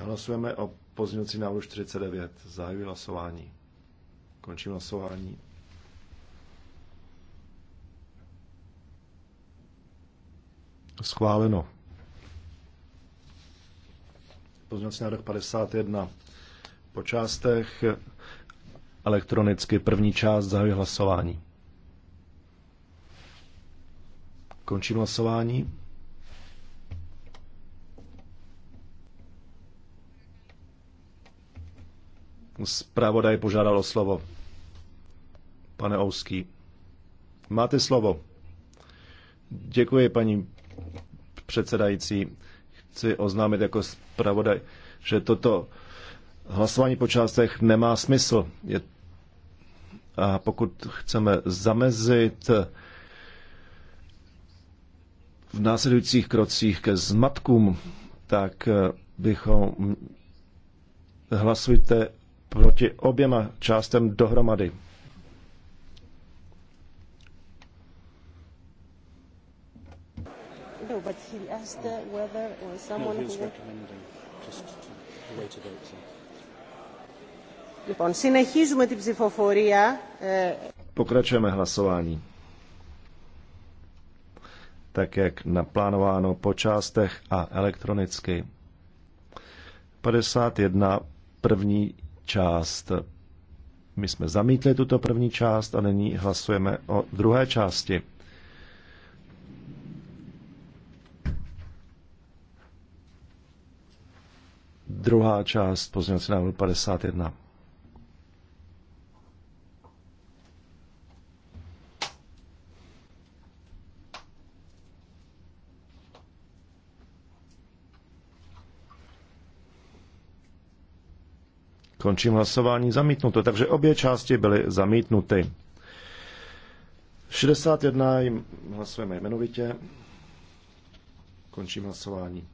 Speaker 4: Hlasujeme o pozměnci návrhu 49. Zahajuji hlasování. Končím hlasování. Schváleno. Pozměňovací návrh 51. Po částech elektronicky první část zahajuji hlasování. Končím hlasování. Zpravodaj požádal o slovo. Pane Ouský, máte slovo. Děkuji, paní předsedající. Chci oznámit jako zpravodaj, že toto hlasování po částech nemá smysl. Je... A pokud chceme zamezit v následujících krocích ke zmatkům, tak bychom hlasujte proti oběma částem dohromady.
Speaker 2: No, but he asked whether no, someone no, who... recommending just to wait a Λοιπόν, συνεχίζουμε την ψηφοφορία.
Speaker 4: Pokračujeme hlasování. Tak, jak naplánováno po částech a elektronicky. 51. První část. My jsme zamítli tuto první část a nyní hlasujeme o druhé části. Druhá část pozměňovací návrhu 51. Končím hlasování zamítnuto. Takže obě části byly zamítnuty. 61 hlasujeme jmenovitě. Končím hlasování.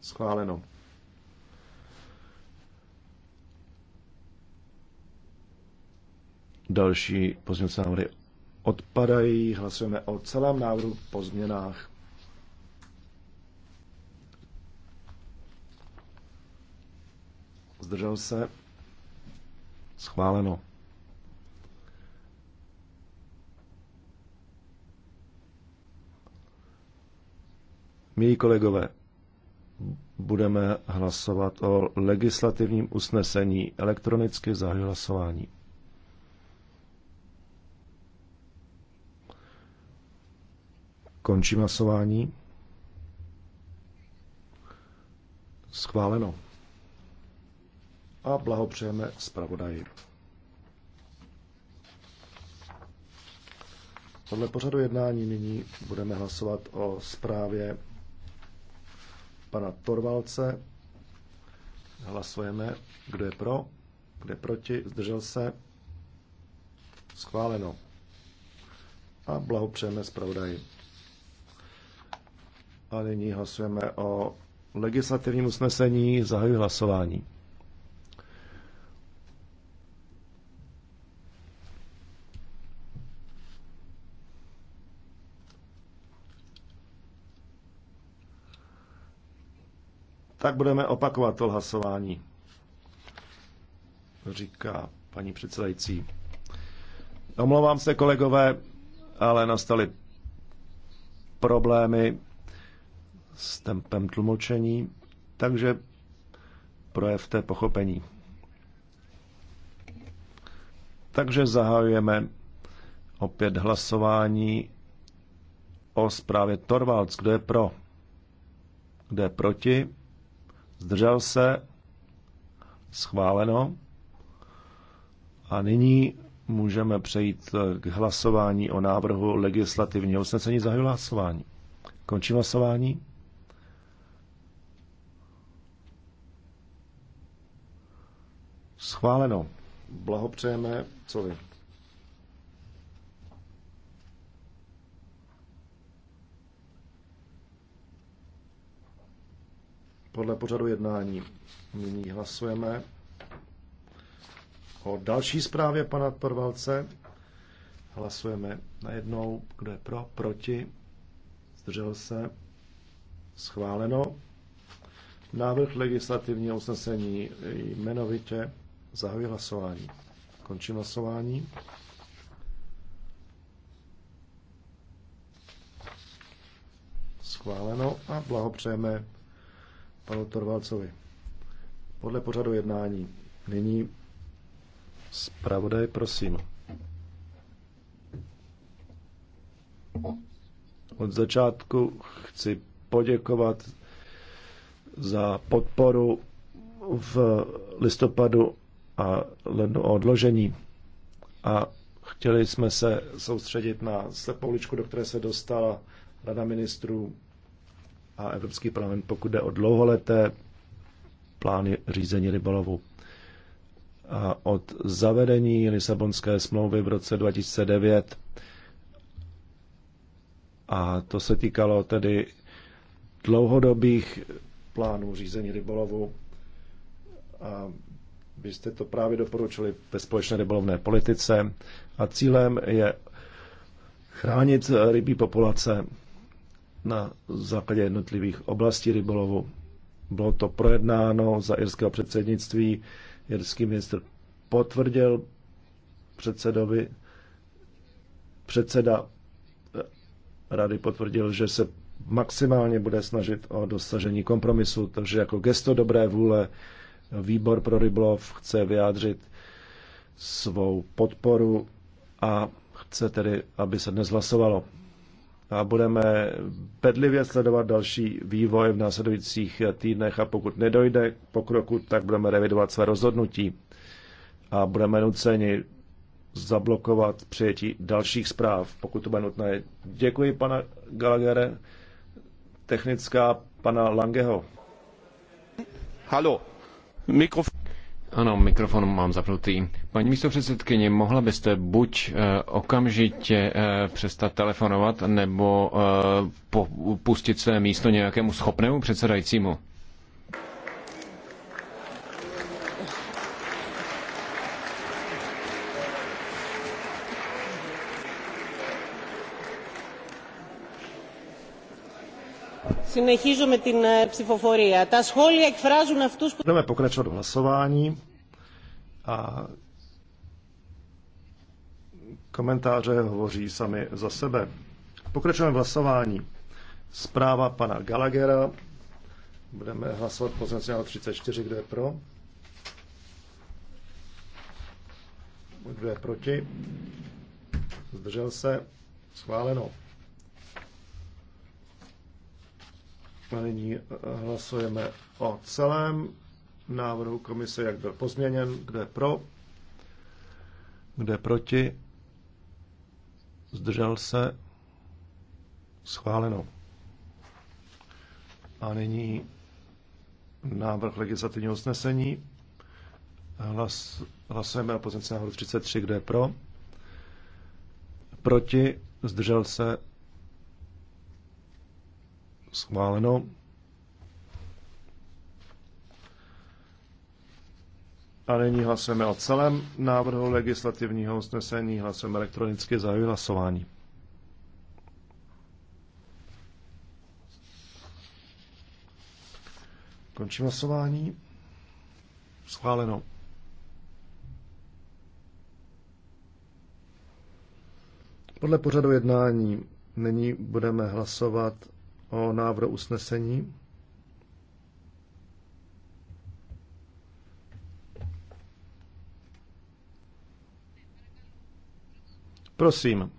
Speaker 4: Schváleno. Další pozměnce návrhy odpadají. Hlasujeme o celém návrhu po změnách. zdržel se, schváleno. Milí kolegové, budeme hlasovat o legislativním usnesení elektronicky za hlasování. Končím hlasování. Schváleno a blahopřejeme zpravodaji. Podle pořadu jednání nyní budeme hlasovat o zprávě pana Torvalce. Hlasujeme, kdo je pro, kdo je proti, zdržel se. Schváleno. A blahopřejeme zpravodaji. A nyní hlasujeme o legislativním usnesení. Zahajuji hlasování. tak budeme opakovat to hlasování, říká paní předsedající. Omlouvám se, kolegové, ale nastaly problémy s tempem tlumočení, takže projevte pochopení. Takže zahajujeme opět hlasování o zprávě Torvalds. Kdo je pro? Kdo je proti? zdržel se, schváleno. A nyní můžeme přejít k hlasování o návrhu legislativního usnesení. Zahajuji hlasování. Končím hlasování. Schváleno. Blahopřejeme vy? podle pořadu jednání. Nyní hlasujeme o další zprávě pana Torvalce. Hlasujeme najednou, kdo je pro, proti, zdržel se, schváleno. Návrh legislativního usnesení jmenovitě zahajuje hlasování. Končím hlasování. Schváleno a blahopřejeme panu Torvalcovi. Podle pořadu jednání. Nyní zpravodaj, prosím. Od začátku chci poděkovat za podporu v listopadu a lednu o odložení. A chtěli jsme se soustředit na slepouličku, do které se dostala Rada ministrů a Evropský parlament, pokud jde o dlouholeté plány řízení rybolovu. A od zavedení Lisabonské smlouvy v roce 2009 a to se týkalo tedy dlouhodobých plánů řízení rybolovu. A vy jste to právě doporučili ve společné rybolovné politice a cílem je chránit rybí populace na základě jednotlivých oblastí rybolovu. Bylo to projednáno za irského předsednictví. Irský ministr potvrdil předsedovi, předseda rady potvrdil, že se maximálně bude snažit o dosažení kompromisu, takže jako gesto dobré vůle výbor pro rybolov chce vyjádřit svou podporu a chce tedy, aby se dnes hlasovalo a budeme bedlivě sledovat další vývoj v následujících týdnech a pokud nedojde k pokroku, tak budeme revidovat své rozhodnutí a budeme nuceni zablokovat přijetí dalších zpráv, pokud to bude nutné. Děkuji, pana Gallagher, Technická pana Langeho. Halo.
Speaker 1: Mikrofon. Ano, mikrofon mám zapnutý. Paní místo předsedkyně, mohla byste buď eh, okamžitě eh, přestat telefonovat, nebo eh, pustit své místo nějakému schopnému předsedajícímu?
Speaker 2: Συνεχίζουμε την ψηφοφορία. Τα σχόλια εκφράζουν αυτούς που...
Speaker 4: Budeme pokračovat v hlasování a komentáře hovoří sami za sebe. Pokračujeme v hlasování. Zpráva pana Gallaghera. Budeme hlasovat pozornosti 34, kdo je pro. Kdo je proti? Zdržel se? Schváleno. A nyní eh, hlasujeme o celém návrhu komise, jak byl pozměněn, kde je pro, kde je proti, zdržel se, schváleno. A nyní návrh legislativního usnesení. Hlas, hlasujeme o pozici návrhu 33, kde je pro, proti, zdržel se, Schváleno. A nyní hlasujeme o celém návrhu legislativního usnesení. Hlasujeme elektronicky za hlasování. Končím hlasování. Schváleno. Podle pořadu jednání nyní budeme hlasovat o návrhu usnesení. Prosím.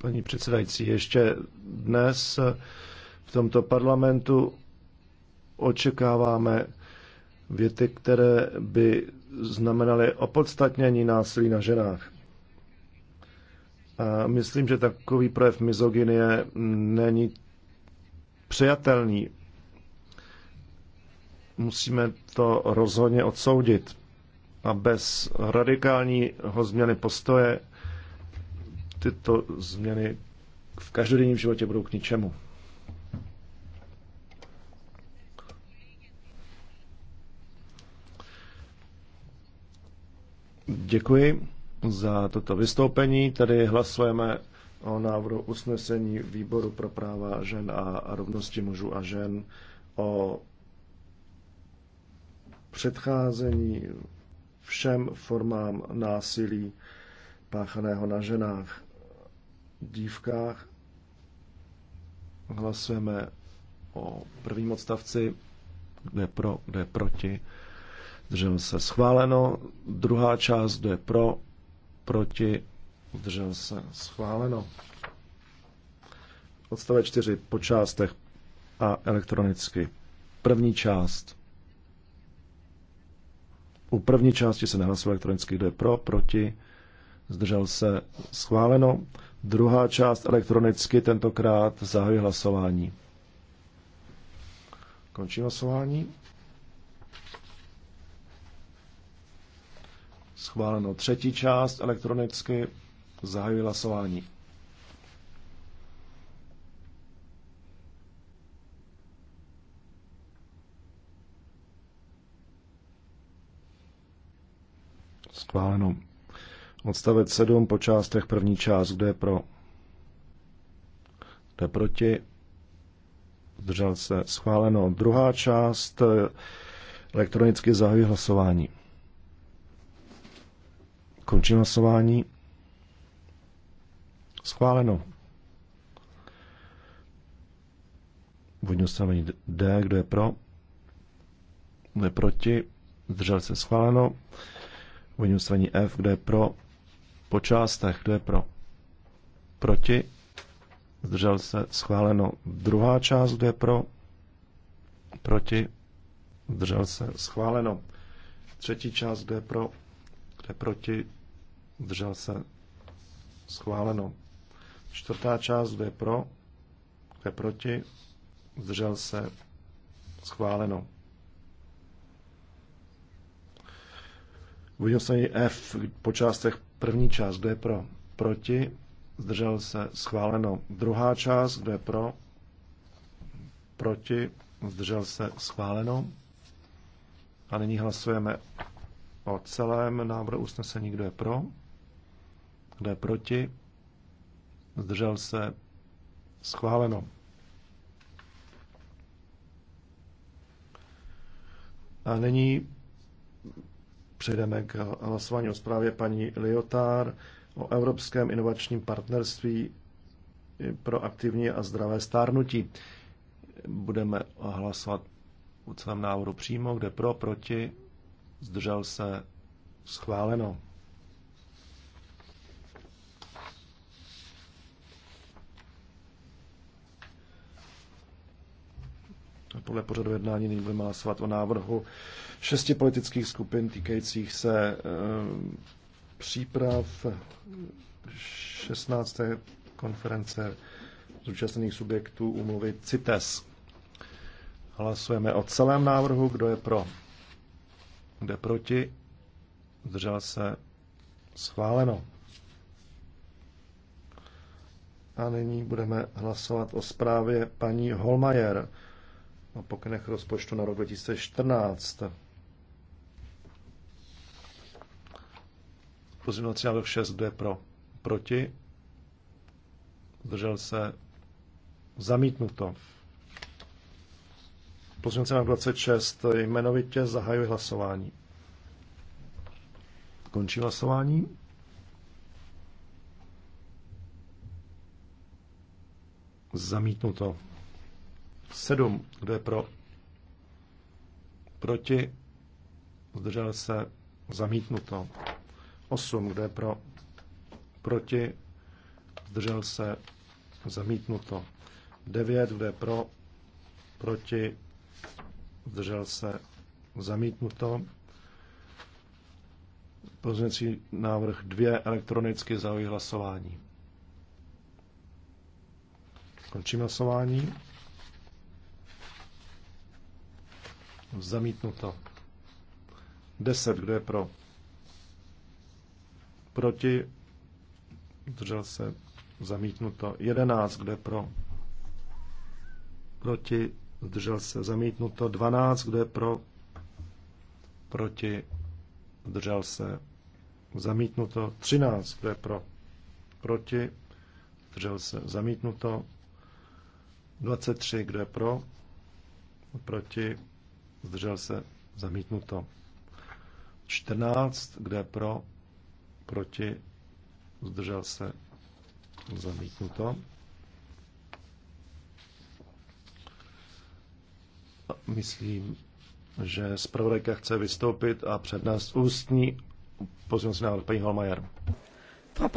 Speaker 4: Paní předsedající, ještě dnes v tomto parlamentu očekáváme věty, které by znamenaly opodstatnění násilí na ženách. A myslím, že takový projev mizoginie není přijatelný. Musíme to rozhodně odsoudit. A bez radikálního změny postoje tyto změny v každodenním životě budou k ničemu. Děkuji za toto vystoupení. Tady hlasujeme o návrhu usnesení Výboru pro práva žen a rovnosti mužů a žen o předcházení všem formám násilí páchaného na ženách, dívkách. Hlasujeme o prvním odstavci, kde pro, kde proti zdržel se schváleno. Druhá část, kdo je pro, proti, zdržel se schváleno. Odstavec 4 po částech a elektronicky. První část. U první části se nehlasuje elektronicky, kdo je pro, proti, zdržel se schváleno. Druhá část elektronicky, tentokrát zahajuji hlasování. Končím hlasování. Schváleno třetí část elektronicky. Zahajuji hlasování. Schváleno. Odstavec 7 po částech první část, kde je pro, kde je proti, zdržel se schváleno. Druhá část elektronicky zahajuji hlasování. Končím hlasování. Schváleno. Vodní ustanovení D, kdo je pro? Kdo je proti? Zdržel se schváleno. Vodní ustanovení F, kdo je pro? Po částech, kdo je pro? Proti? Zdržel se schváleno. Druhá část, kdo je pro? Proti? Zdržel se schváleno. Třetí část, kdo je pro? Kdo je proti? Držel se. Schváleno. Čtvrtá část, kdo je pro, kdo je proti, zdržel se, schváleno. Uvidíme se i F po částech první část, kdo je pro, proti, zdržel se, schváleno. Druhá část, kdo je pro, proti, zdržel se, schváleno. A nyní hlasujeme o celém návrhu usnesení, kdo je pro. Kdo je proti? Zdržel se? Schváleno. A nyní přejdeme k hlasování o zprávě paní Liotár o Evropském inovačním partnerství pro aktivní a zdravé stárnutí. Budeme hlasovat o celém návodu přímo, kde pro, proti, zdržel se, schváleno. podle pořadu jednání nyní budeme hlasovat o návrhu šesti politických skupin týkajících se e, příprav 16. konference zúčastněných subjektů umluvy CITES. Hlasujeme o celém návrhu, kdo je pro, kdo je proti, zdržel se schváleno. A nyní budeme hlasovat o zprávě paní Holmajer o pokynech rozpočtu na rok 2014. Pozměňovací návrh 6 je pro, proti. Zdržel se zamítnuto. Pozměňovací návrh 26 jmenovitě zahajuji hlasování. Končí hlasování. Zamítnuto. 7. Kdo je pro? Proti? Zdržel se? Zamítnuto. 8. Kdo je pro? Proti? Zdržel se? Zamítnuto. 9. Kdo je pro? Proti? Zdržel se? Zamítnuto. Pozměňovací návrh 2 elektronicky zahojí hlasování. Končím hlasování. Zamítnuto. 10. Kdo je pro? Proti? Držel se. Zamítnuto. 11. Kdo je pro? Proti? Zdržel se. Zamítnuto. 12. Kdo je pro? Proti? Zdržel se. Zamítnuto. 13. Kdo je pro? Proti? Zdržel se. Zamítnuto. 23. Kdo je pro? Proti? zdržel se, zamítnuto. 14, kde pro, proti, zdržel se, zamítnuto. Myslím, že zpravodajka chce vystoupit a přednést ústní
Speaker 1: pozměnce návrh paní Holmajer. Pane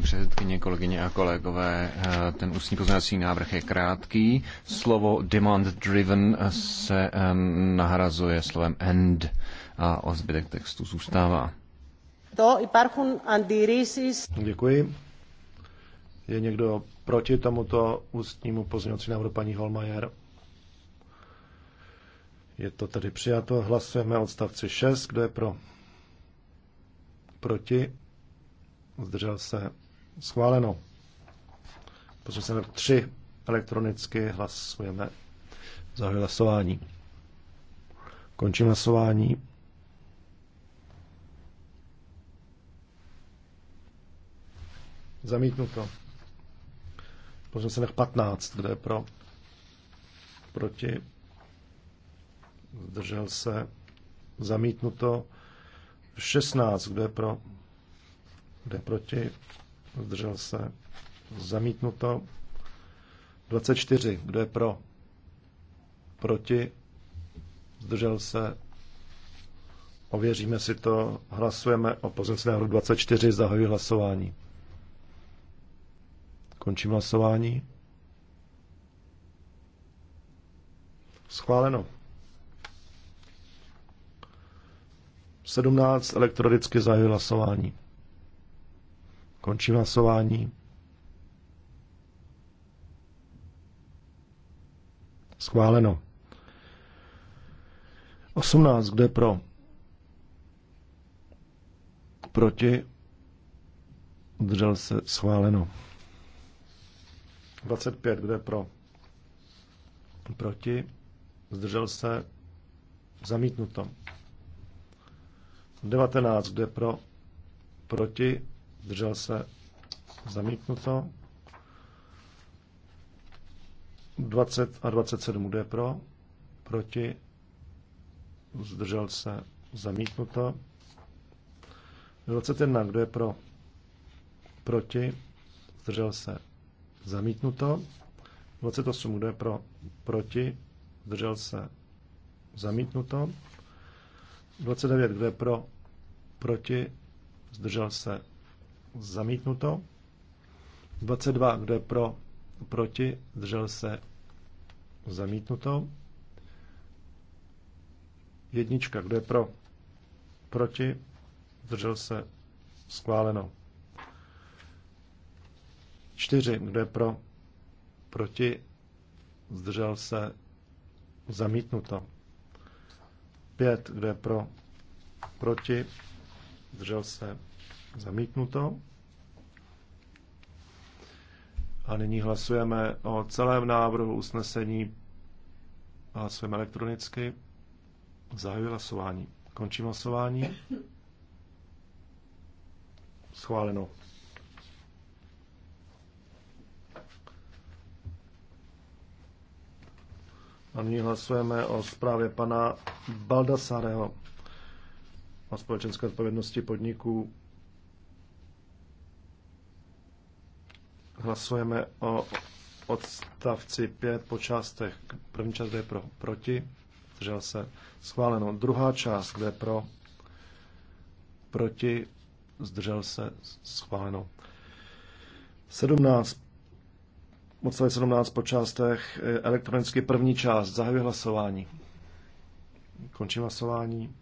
Speaker 1: předsedkyně, kolegyně a kolegové. Eh, ten ústní pozměňovací návrh je krátký. Slovo demand driven se eh, nahrazuje slovem end a o zbytek textu zůstává. To Děkuji.
Speaker 4: Je někdo proti tomuto ústnímu pozměňovacímu návrhu paní Holmajer? Je to tedy přijato. Hlasujeme odstavci 6. Kdo je pro? Proti? Zdržel se Schváleno. Protože se tři elektronicky hlasujeme. Zahajuji hlasování. Končím hlasování. Zamítnuto. Pozměl se 15, kde je pro. Proti. Zdržel se. Zamítnuto. 16, kde je pro. Kde je proti zdržel se, zamítnuto. 24, kdo je pro, proti, zdržel se, ověříme si to, hlasujeme o pozici návrhu 24, zahajuji hlasování. Končím hlasování. Schváleno. 17 elektronicky zahajuji hlasování. Končím hlasování. Schváleno. 18. Kdo je pro? Proti? Udržel se schváleno. 25. Kdo je pro? Proti? Zdržel se zamítnuto. 19. Kdo je pro? Proti? zdržel se, zamítnuto. 20 a 27 jde pro, proti, zdržel se, zamítnuto. 21, kdo je pro, proti, zdržel se, zamítnuto. 28, kdo je pro, proti, zdržel se, zamítnuto. 29, kdo je pro, proti, zdržel se, Zamítnuto. 22, kdo je pro, proti, zdržel se, zamítnuto. Jednička, kdo je pro, proti, zdržel se, schváleno. 4, kdo je pro, proti, zdržel se, zamítnuto. 5, kdo je pro, proti, zdržel se, Zamítnuto. A nyní hlasujeme o celém návrhu usnesení. Hlasujeme elektronicky. Zahajuji hlasování. Končím hlasování. Schváleno. A nyní hlasujeme o zprávě pana Baldasareho o společenské odpovědnosti podniků Hlasujeme o odstavci 5 po částech. První část, je pro, proti, zdržel se, schváleno. Druhá část, kde je pro, proti, zdržel se, schváleno. 17, odstavec 17 po částech, eh, elektronicky první část, zahajuji hlasování. Končím hlasování.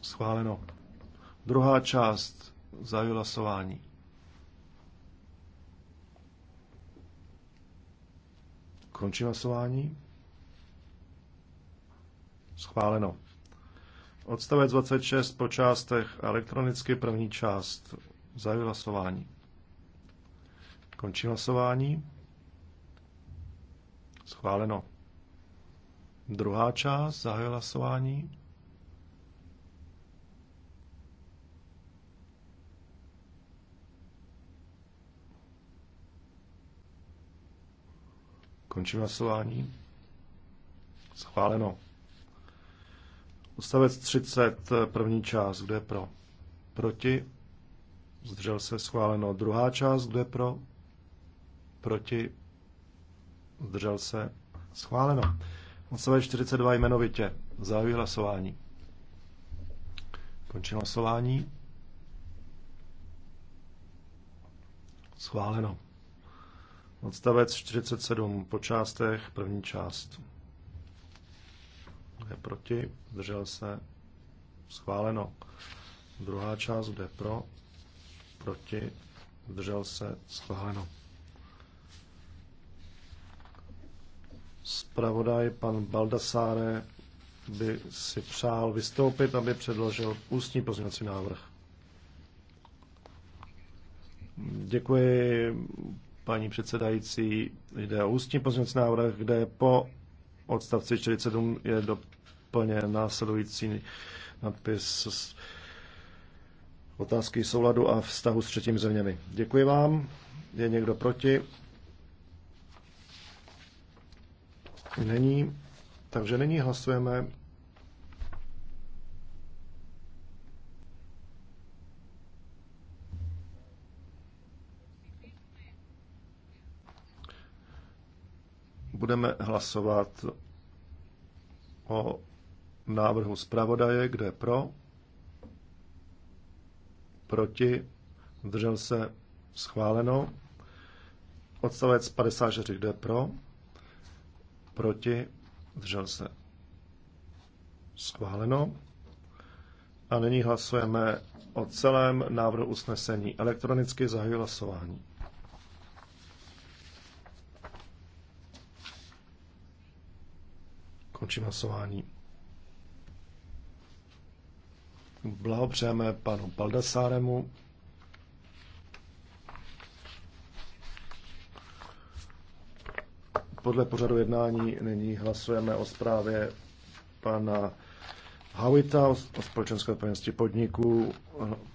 Speaker 4: Schváleno. Druhá část, zahajuji hlasování. Končím hlasování. Schváleno. Odstavec 26 po částech elektronicky první část. Zahajuji hlasování. Končím hlasování. Schváleno. Druhá část. Zahajuji hlasování. Končím hlasování. Schváleno. Ustavec 30, první část, kde pro? Proti. Zdržel se schváleno. Druhá část, kde pro? Proti. Zdržel se schváleno. Ustavec 42 jmenovitě. Zahajuji hlasování. Končím hlasování. Schváleno. Odstavec 47 po částech, první část. je proti, držel se, schváleno. Druhá část, je pro, proti, držel se, schváleno. Spravodaj pan Baldasáre by si přál vystoupit, aby předložil ústní pozměňovací návrh. Děkuji, paní předsedající. Jde o ústní pozměnc návrh, kde po odstavci 47 je doplněn následující nadpis otázky souladu a vztahu s třetím zeměmi. Děkuji vám. Je někdo proti? Není. Takže nyní hlasujeme budeme hlasovat o návrhu zpravodaje, kde pro, proti, zdržel se schváleno. Odstavec 54, kde pro, proti, zdržel se schváleno. A nyní hlasujeme o celém návrhu usnesení. Elektronicky zahajuji hlasování. Končím hlasování. Blahopřejeme panu Paldasáremu. Podle pořadu jednání nyní hlasujeme o zprávě pana Hawita o společenské odpovědnosti podniků,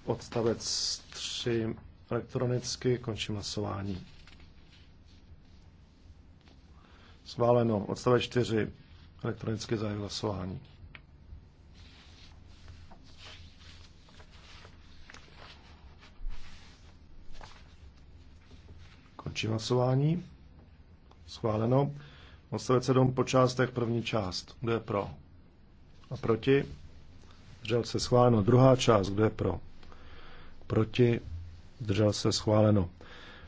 Speaker 4: odstavec 3 elektronicky, končím hlasování. Sváleno. odstavec 4 Elektronické zahájí hlasování. Končím hlasování. Schváleno. Odstavec 7 po částech první část. Kdo je pro? A proti? Držel se schváleno. Druhá část. Kdo je pro? Proti? Držel se schváleno.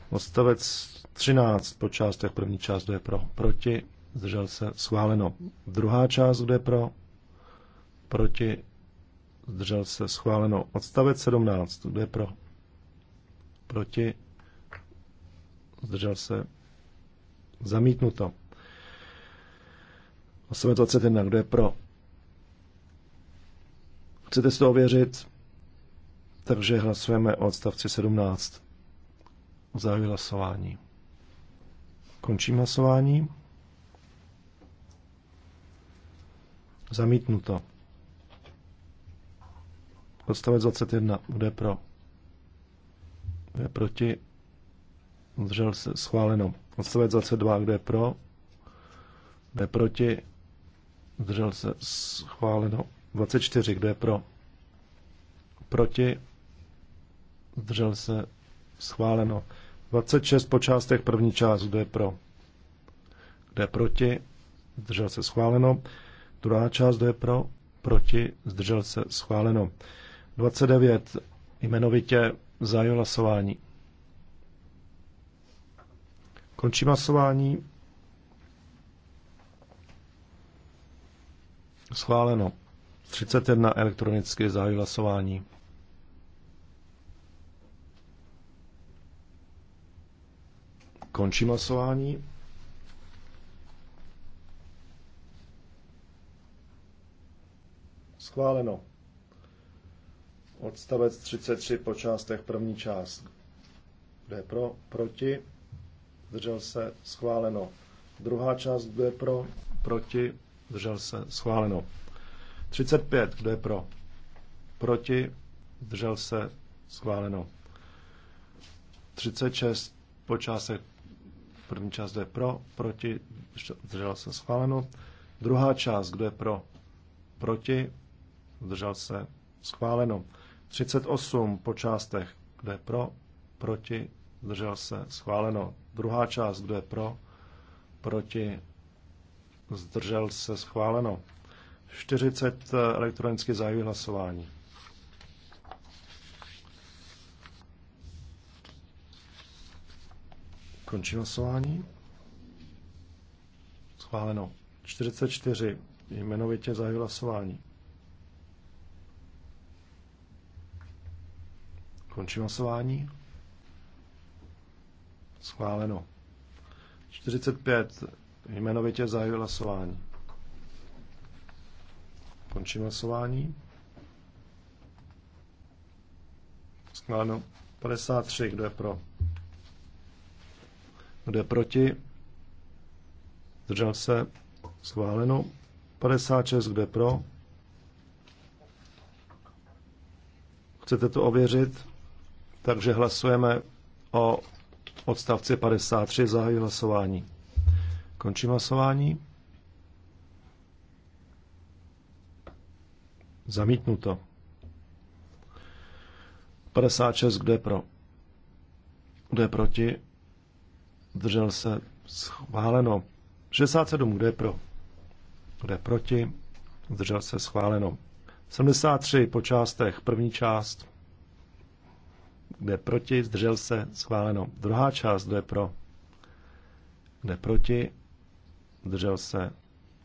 Speaker 4: Odstavec 13 po částech první část. Kdo je pro? Proti? zdržel se, schváleno. Druhá část, bude pro, proti, zdržel se, schváleno. Odstavec 17, kde pro, proti, zdržel se, zamítnuto. 821, kdo je pro? Chcete si to ověřit? Takže hlasujeme o odstavci 17. Zahajuji hlasování. Končím hlasování. Zamítnuto. Odstavec 21. Bude pro. je proti. Zdržel se. Schváleno. Odstavec 22. kdo je pro. je proti. Zdržel se. Schváleno. 24. kdo je pro. Proti. Zdržel se. Schváleno. 26 po částech. První část. kdo je pro. je proti. Zdržel se. Schváleno. Druhá část, kdo je pro, proti, zdržel se, schváleno. 29. Jmenovitě zahájil hlasování. Končím hlasování. Schváleno. 31 Elektronické zahájí hlasování. Končím hlasování. Schváleno. Odstavec 33 po částech první část. Kdo je pro? Proti? Držel se? Schváleno. Druhá část, kdo je pro? Proti? Držel se? Schváleno. 35, kdo je pro? Proti? Držel se? Schváleno. 36 po částech První část, kdo je pro, proti, Držel se schváleno. Druhá část, kdo je pro, proti, zdržel se, schváleno. 38 po částech, kdo je pro, proti, zdržel se, schváleno. Druhá část, kdo je pro, proti, zdržel se, schváleno. 40 eh, elektronicky zahájí hlasování. Končí hlasování. Schváleno. 44. Jmenovitě zahájí hlasování. Končím hlasování. Schváleno. 45. Jmenovitě zahajuji hlasování. Končím hlasování. Schváleno. 53. Kdo je pro? Kdo je proti? Zdržel se? Schváleno. 56. Kdo je pro? Chcete to ověřit? Takže hlasujeme o odstavci 53, zahajuji hlasování. Končím hlasování. Zamítnuto. 56, kdo je pro? Kdo je proti? Držel se schváleno. 67, kdo je pro? Kdo je proti? Držel se schváleno. 73 po částech. První část kdo je proti? Zdržel se? Schváleno. Druhá část. Kdo je pro? Kdo je proti? Zdržel se?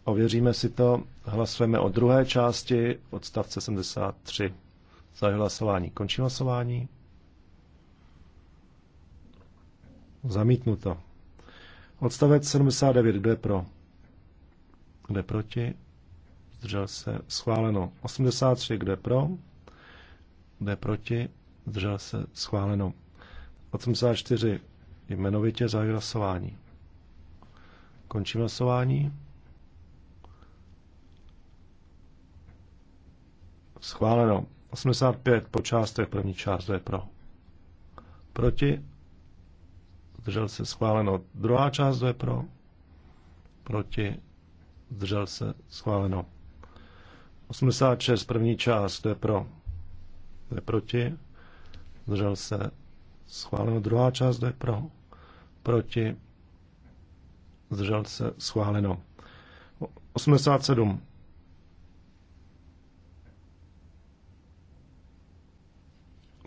Speaker 4: Ověříme si to. Hlasujeme o druhé části odstavce 73. Zahajuji hlasování. Končím hlasování. Zamítnuto. Odstavec 79. Kdo je pro? Kdo je proti? Zdržel se. Schváleno. 83. Kdo je pro? Kdo je proti? Zdržel se schváleno. 84 jmenovitě za hlasování. Končím hlasování. Schváleno. 85 po částech, první část je pro. Proti. Zdržel se schváleno. Druhá část je pro. Proti. Zdržel se schváleno. 86 první část je pro. Je proti zdržel se, schváleno. Druhá část, kdo je pro, proti, zdržel se, schváleno. 87.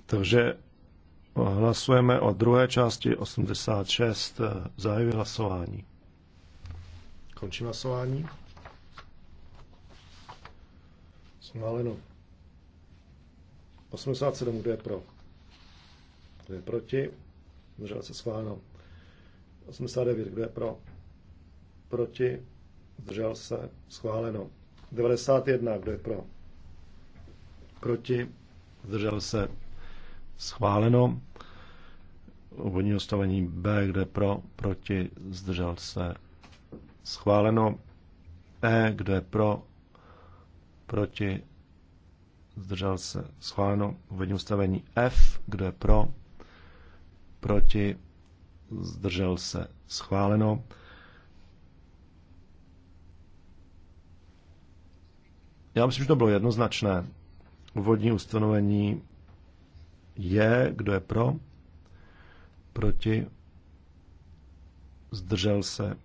Speaker 4: Takže hlasujeme o druhé části 86. Zájevy hlasování. Končím hlasování. Schváleno. 87, kdo je pro? kdo je proti, zdržel se schváleno. 89, kdo je pro, proti, zdržel se schváleno. 91, kdo je pro, proti, zdržel se schváleno. Obvodní ustavení B, kde pro, proti, zdržel se schváleno. E, kde pro, proti, zdržel se schváleno. Obvodní ustavení F, kde pro, proti, zdržel se schváleno. Já myslím, že to bylo jednoznačné. Úvodní ustanovení je, kdo je pro, proti, zdržel se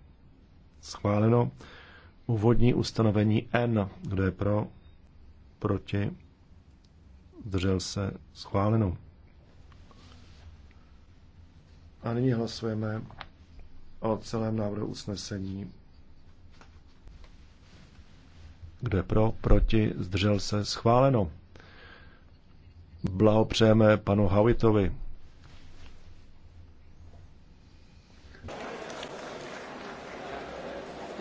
Speaker 4: schváleno. Úvodní ustanovení N, kdo je pro, proti, zdržel se schváleno. A nyní hlasujeme o celém návrhu usnesení. Kdo je pro, proti, zdržel se, schváleno. Blahopřejeme panu Hawitovi.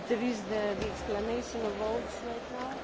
Speaker 2: There is the, the explanation of votes
Speaker 1: right now.